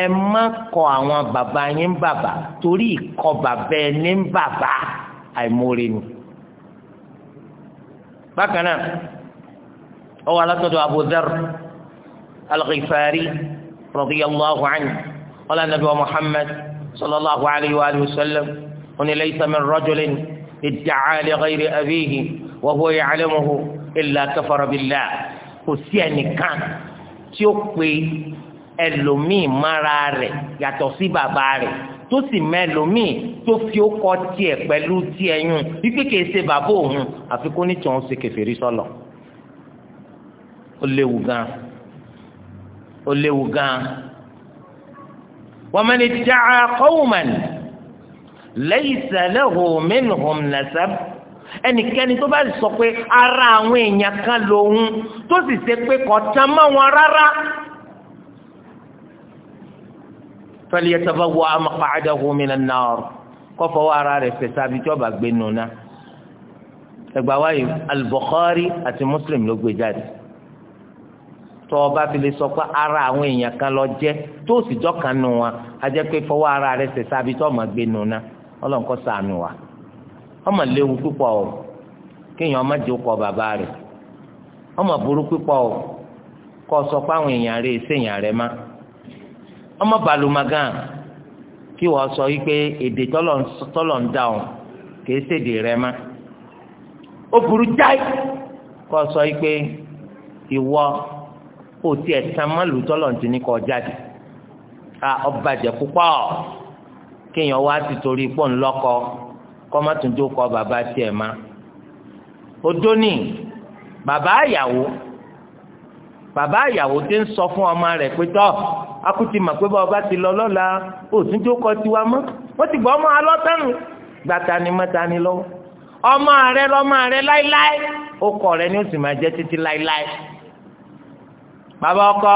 ẹ má kọ àwọn bàbá yín bàbá torí ìkọ bàbá ẹ ní bàbá àìmọ̀re ni. Baba, bákan náà ó wà látọ̀dọ̀ Abu Dharr al-Ghifari radiyallahu anhu qala nabi wa Muhammad sallallahu alayhi wa sallam ó ní laysa min rajulin idda'a li ghayri abihi wa huwa ya'lamuhu illa kafara billah kò sí ẹnìkan tí ó pe ẹlòmíì mára rẹ̀ yàtọ̀ sí bàbá rẹ̀ tó sì mẹ́lòmíì tó fi ó kọ tiẹ̀ pẹ̀lú tiẹ̀ yún wípé kìí ṣe bàbá òun àfi kó ní tòun ṣe kèfèrí sọlọ ó léwu gan ó léwu gan wa man idda'a qawman laysa lahu minhum nasab ẹnikẹ́ni tó bá sọ pé ara àwọn èèyàn kan lòun tó sì ṣe pé kò mọ́ wọn rárá falyatabawwa' maq'adahu minan nar kọ́fọ́ wa ara rẹ̀ fẹ̀sẹ̀ àbí tí ọba gbé nùnà ẹgbàá wáyé al-Bukhari àti Muslim ló gbé jáde tọ́ ọba fi lè sọ pé ara àwọn èèyàn kan lọ jẹ́ tó sì jọ́ kan nù wọn a jẹ́ ara rẹ̀ fẹ̀sẹ̀ àbí tí ọba gbé nùnà ọlọ́nkọ́ sànù wa ọmọ léwu púpọ̀ o kéèyàn ọmọ jẹ́ ọkọ̀ bàbá rẹ̀ ọmọ burú púpọ̀ o kọ́ sọ pé àwọn èèyàn rẹ̀ èsèèyàn rẹ̀ máa ọmọ bàlùmọ̀gàn kí wọ́n sọ wípé èdè tọ́lọ̀ ń dà ọ́ kìí ṣèdè rẹ má ó burú jáì kọ́ sọ wípé ìwọ ò tiẹ̀ tán má tọ́lọ̀ ń ti kọ́ jáde a ọbàjẹ́ púpọ̀ kéèyàn wá ti torí pọ̀ ńlọ́kọ kọ́ má tún jókòó bàbá tiẹ̀ má odóní bàbá àyàwó. bàbá ìyàwó tí ń sọ fún ọmọ rẹ̀ pé tọ́ akuti mà pé bọ́ọ̀ bá ti lọ lọ́la òtún tó kọ tiwa mọ́ wọ́n ti gbọ́ ọmọ alọ́tẹ́nu gbàtà ni mọ́ta ni lọ́wọ́ ọmọ rẹ lọ́mọ rẹ láíláí ó kọ rẹ ni ó sì máa jẹ́ títí láíláí bàbá ọkọ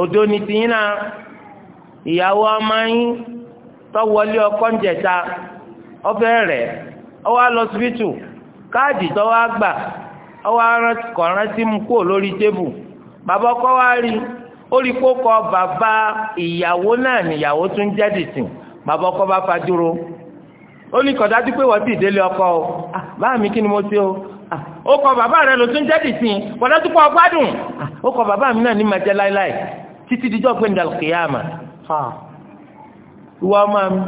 odo ni tìyín náà ìyàwó ọmọ yín tọ́wọ́lé ọkọ ń jẹta ọbẹ̀ rẹ̀ ọwọ́ alọ́sibítù káàdì tọ́wọ́ àgbà ọwọ́ arákọ̀ọ́rántí mu kúrò lórí tébù bàbá ọkọ wa rí ó rí kó bàbá ìyàwó náà níyàwó tún jẹ́ dìtìn bàbá ọkọ bá fa ó ní kọ̀dájú pé wọ́n ti délé ọkọ o ah, báà mi kí ni mo ṣe o ah, ó kọ bàbá rẹ ló tún jẹ́ dìtìn kọ̀dájú pé ọgbà dùn ah, ó kọ bàbá mi náà ní máa jẹ láéláé títí dijọ́ pé ń dàlùkìyà mà ìwọ ọmọ mi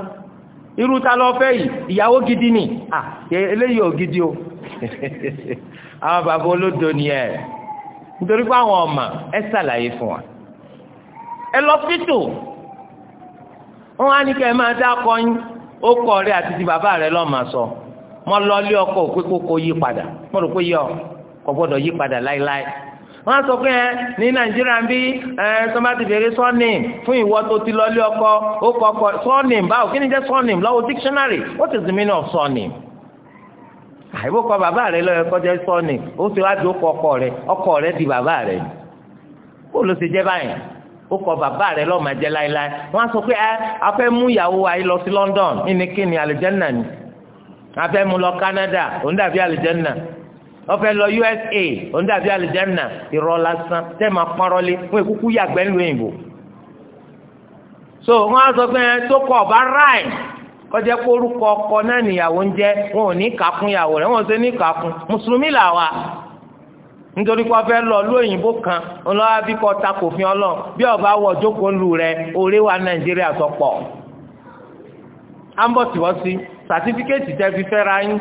irú ta lọ fẹ́ yìí ìyàwó gidi ni eléyìí ò gidi o àwọn bàbá olódo ni ẹ nítorí pé àwọn ọmọ ẹ ṣàlàyé fún wa ẹ lọ fítò wọn á ní kẹ ẹ máa dá ọkọ ó kọ rẹ àti ti bàbá rẹ lọ́ọ́ sọ lọ lé ọkọ òpé kókó yí padà rò pé yọ yí padà láéláé wọn sọ pé ẹ ní nàìjíríà ń bí ẹ sọmátì fèrè fún ìwọ ọkọ ó kọ ọkọ báwo kí ni what is àìbókọ bàbá rẹ lọ ẹkọ jẹ sọni ó ti wá di ọkọ ọkọ rẹ ọkọ rẹ di bàbá rẹ kó ló ti jẹ báyìí ó kọ bàbá rẹ lọ́ọ́ máa jẹ láéláé wọ́n á sọ pé ẹ afẹ́ mú ìyàwó wa lọ sí London ní kíni àlìjẹ́nà ni afẹ́ mú lọ Canada òun dàbí àlìjẹ́nà ọfẹ́ lọ USA òun dàbí àlìjẹ́nà irọ́ lásán tẹ́ máa pọ́nrọ́lé fún ìkúkú yàgbẹ́ ńlú òyìnbó so wọ́n á sọ pé tó kọ̀ ọ̀bá ráì kọjá pé orúkọ ọkọ náà nìyàwó ń jẹ́ wọn ò ní kàkún ìyàwó rẹ wọn ò sí ní kàkún mùsùlùmí là wà nítorí kó lọ lóyìnbó kan ọlọ́wà bí kò ta kò ọlọ́ ọba wọ jókòó rẹ òré wa nàìjíríà pọ̀ sàtífíkẹ́tì fi fẹ́ ra yín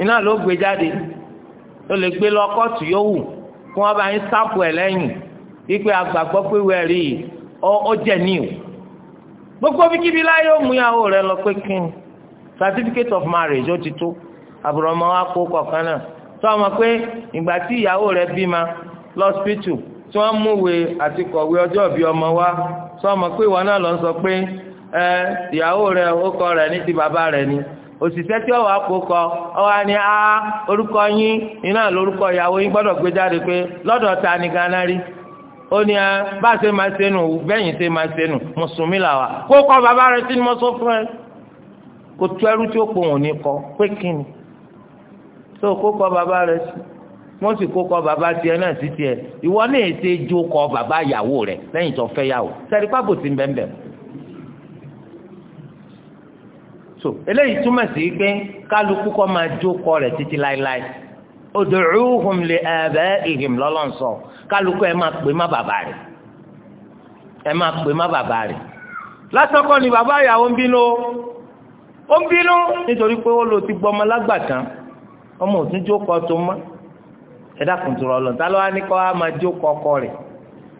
iná ló gbé jáde ó lè gbé lọ kóòtù yóò wù bá yín lẹ́yìn wípé àgbàgbọ́ pé gbogbo bíkíbi láyé ó rẹ lọ pé kin certificate of marriage ó ti tó àbúrò wa kó kọ̀ọ̀kan náà tó ọmọ pé ìgbà tí ìyàwó rẹ bímọ lọ́sípítù tí wọ́n múwe àti kọ̀wé ọjọ́ bi ọmọ wa tó ọmọ pé ìwọ náà lọ sọ pé ẹ ìyàwó rẹ ó kọ rẹ ní ti rẹ ni òṣìṣẹ́ tí ọwọ́ ọwọ́ ni a orúkọ yín iná lórúkọ ìyàwó yín gbọ́dọ̀ ta ni ó ní ẹ ah, bá a ṣe máa ṣe nù bẹ́yìn ṣe máa ṣe nù mùsùlùmí là wà kó kọ́ bàbá rẹ tí mo sọ fún ẹ kò tu ẹrú tí ó pò wọn ní kọ pé kí ni tó kó kọ́ bàbá rẹ sí wọ́n sì kó kọ́ bàbá tiẹ̀ náà sí tiẹ̀ ìwọ náà ṣe jó kọ́ bàbá ìyàwó rẹ lẹ́yìn tó fẹ́ yàwó sẹ́ni pábò ti ń bẹ́ẹ̀ bẹ́ẹ̀ so eléyìí túmọ̀ sí pé kálukú kọ́ máa jó kọ́ rẹ̀ títí láéláé. ud'uuhum li aba'ihim lọ́lọ́nsọ kálukú ẹ máa pè má bàbá rẹ̀ ẹ máa pè má bàbá rẹ̀ lásán kọ́ ni bàbá ìyàwó ń bínú ó ń bínú nítorí pé ó lò ti gbọ́ ọmọ ọmọ òtún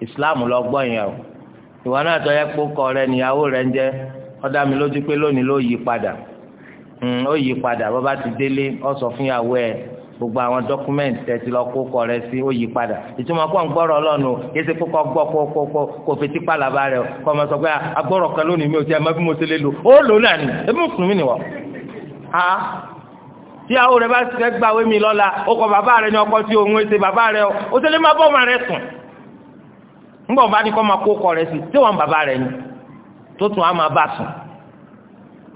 Islam lọ yẹn o ìwà náà tọ́ kọ rẹ níyàwó rẹ ń jẹ́ ó mi lójú pé lónìí ló yí padà hmm, ó yí padà bá ti délé sọ fún ìyàwó ẹ̀ gbogbo àwọn dọ́kúmẹ́ǹtì tẹ̀sí lọ kó kọ rẹ sí ó yí padà ìtumọ̀ kó ń gbọ́rọ̀ ọlọ́nu yéṣe kó kọ́ gbọ́ kó kó kó fetí pàlàbà rẹ kọ́ ọmọ sọ pé agbọ́rọ̀ kan lónìí mi ò tí a máa bí mo ṣe lè lò ó lò náà ni ebi mùsùlùmí ni wọ́n. a tí àwọn rẹ bá ṣe gba awé mi lọ́la ó kọ bàbá rẹ ní ọkọ tí òun ṣe bàbá rẹ ó ṣe lè má bọ́ ọmọ rẹ sùn ńgbọ̀n bá ní kọ́ máa kó kọ rẹ sí tí wọ́n bàbá rẹ ni tó tún á máa bá sùn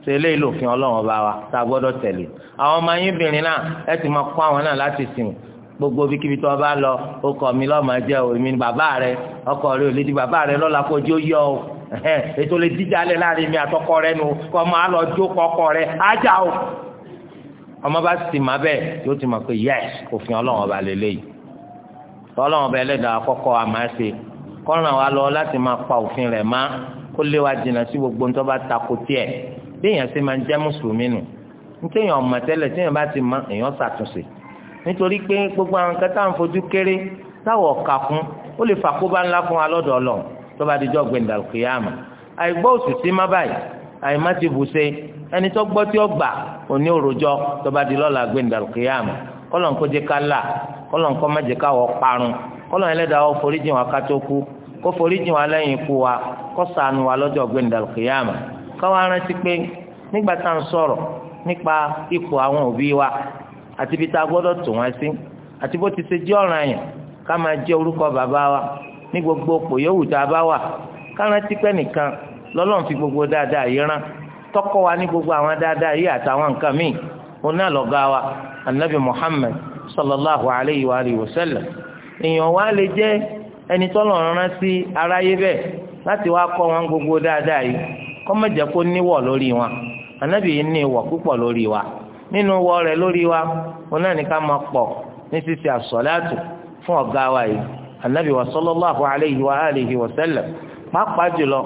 ṣe eléyìí lòfin ọlọ́run ọba wa tá a gbọ́dọ̀ tẹ̀lé àwọn ọmọ yín bìnrin náà ẹ ti máa kó àwọn náà láti sìn gbogbo bíkíbi tó o bá lọ ọkọ mi lọ́ọ́ máa jẹ́ o ni bàbá rẹ ọkọ rẹ ò lè di bàbá rẹ lọ́la kó ojú yọ o ètò lè díjà lẹ láàrin mi àtọkọ rẹ nu kọ máa lọ jó kọkọ rẹ ájà o ọmọ bá sì má bẹ́ẹ̀ yóò ti mọ̀ pé yẹs òfin ọlọ́run ọba lélẹ́yìí ọlọ́run ọba ẹlẹ́dàá kọ́kọ́ àmásẹ́ kọ́ràn wa lọ láti máa pa òfin rẹ̀ má kó lé wa sí gbogbo ntọ́ bá takò tiẹ̀ béèyàn ṣe máa ń jẹ́ mùsùlùmí nù nítéèyàn ọmọ tẹ́lẹ̀ téèyàn bá ti mọ èèyàn ṣàtúnṣe nítorí pé gbogbo àwọn kẹta ń fojú kéré táwọn ọ̀ka fún ó lè ńlá fún wa lọ́dọ̀ ọlọ́run tó bá dijọ́ gbẹ̀ndàkìyàmà àìgbọ́ òṣìṣẹ́ má báyìí àìmá ti bù ṣe ẹni tó gbọ́ tí ó gbà òní òròjọ́ di lọ́la kọ́lọ̀ kó jẹ́ ká là káwa rántí pé nígbà tá à ń sọ̀rọ̀ nípa ipò àwọn òbí wa àti ibi tá a gbọ́dọ̀ tò wọ́n sí àti bó ti ṣe jẹ́ ọ̀ràn àyàn ká máa jẹ́ orúkọ bàbá wa ní gbogbo òpò yòówù tá a bá wà ká rántí pé nìkan lọ́lọ́run fi gbogbo dáadáa yìí rán tọ́kọ́ wa ní gbogbo àwọn dáadáa yìí àtàwọn nǹkan míì òun náà lọ́gá wa anabi Muhammad sallallahu alayhi wa alihi wa sallam èèyàn wa lè jẹ́ ẹni tọ́lọ́run rán sí aráyé bẹ́ẹ̀ láti wá kọ́ wọn gbogbo dáadáa yìí kọ́mọ̀jẹ́ kó níwọ̀ lórí wọn ànábì yìí ní ìwọ̀ púpọ̀ lórí wa nínú wọ rẹ̀ lórí wa wọn náà ní ká máa pọ̀ ní ṣíṣe àsọ̀láàtù fún ọ̀gá wa yìí ànábì wa sallallahu alayhi wa alihi wa sallam pàápàá jùlọ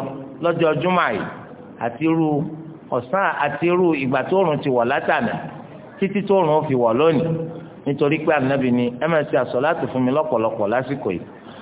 lọ́jọ́ júmọ̀ yìí àti irú ọ̀sán àti irú ìgbà tóòrùn ti wọ̀ látànà títí tóòrùn ó fi wọ̀ lónìí nítorí pé ànábì ni ẹ máa ṣe àsọ̀láàtù fún mi lọ́pọ̀lọpọ̀ lásìkò yìí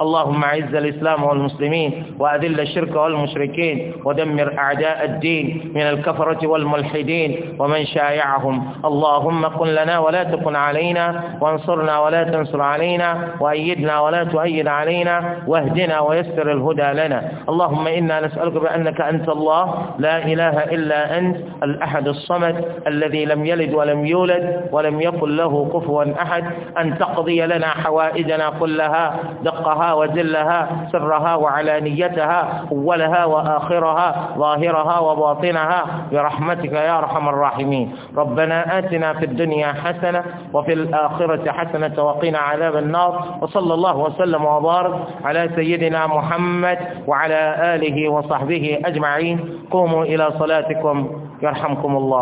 اللهم أعز الإسلام والمسلمين وأذل الشرك والمشركين ودمر أعداء الدين من الكفرة والملحدين ومن شايعهم اللهم قل لنا ولا تكن علينا وانصرنا ولا تنصر علينا وأيدنا ولا تؤيد علينا واهدنا ويسر الهدى لنا اللهم إنا نسألك بأنك أنت الله لا إله إلا أنت الأحد الصمد الذي لم يلد ولم يولد ولم يكن له كفوا أحد أن تقضي لنا حوائجنا كلها دقها جلها وجلها سرها وعلانيتها أولها وآخرها ظاهرها وباطنها برحمتك يا رحم الراحمين ربنا آتنا في الدنيا حسنة وفي الآخرة حسنة وقنا عذاب النار وصلى الله وسلم وبارك على سيدنا محمد وعلى آله وصحبه أجمعين قوموا إلى صلاتكم يرحمكم الله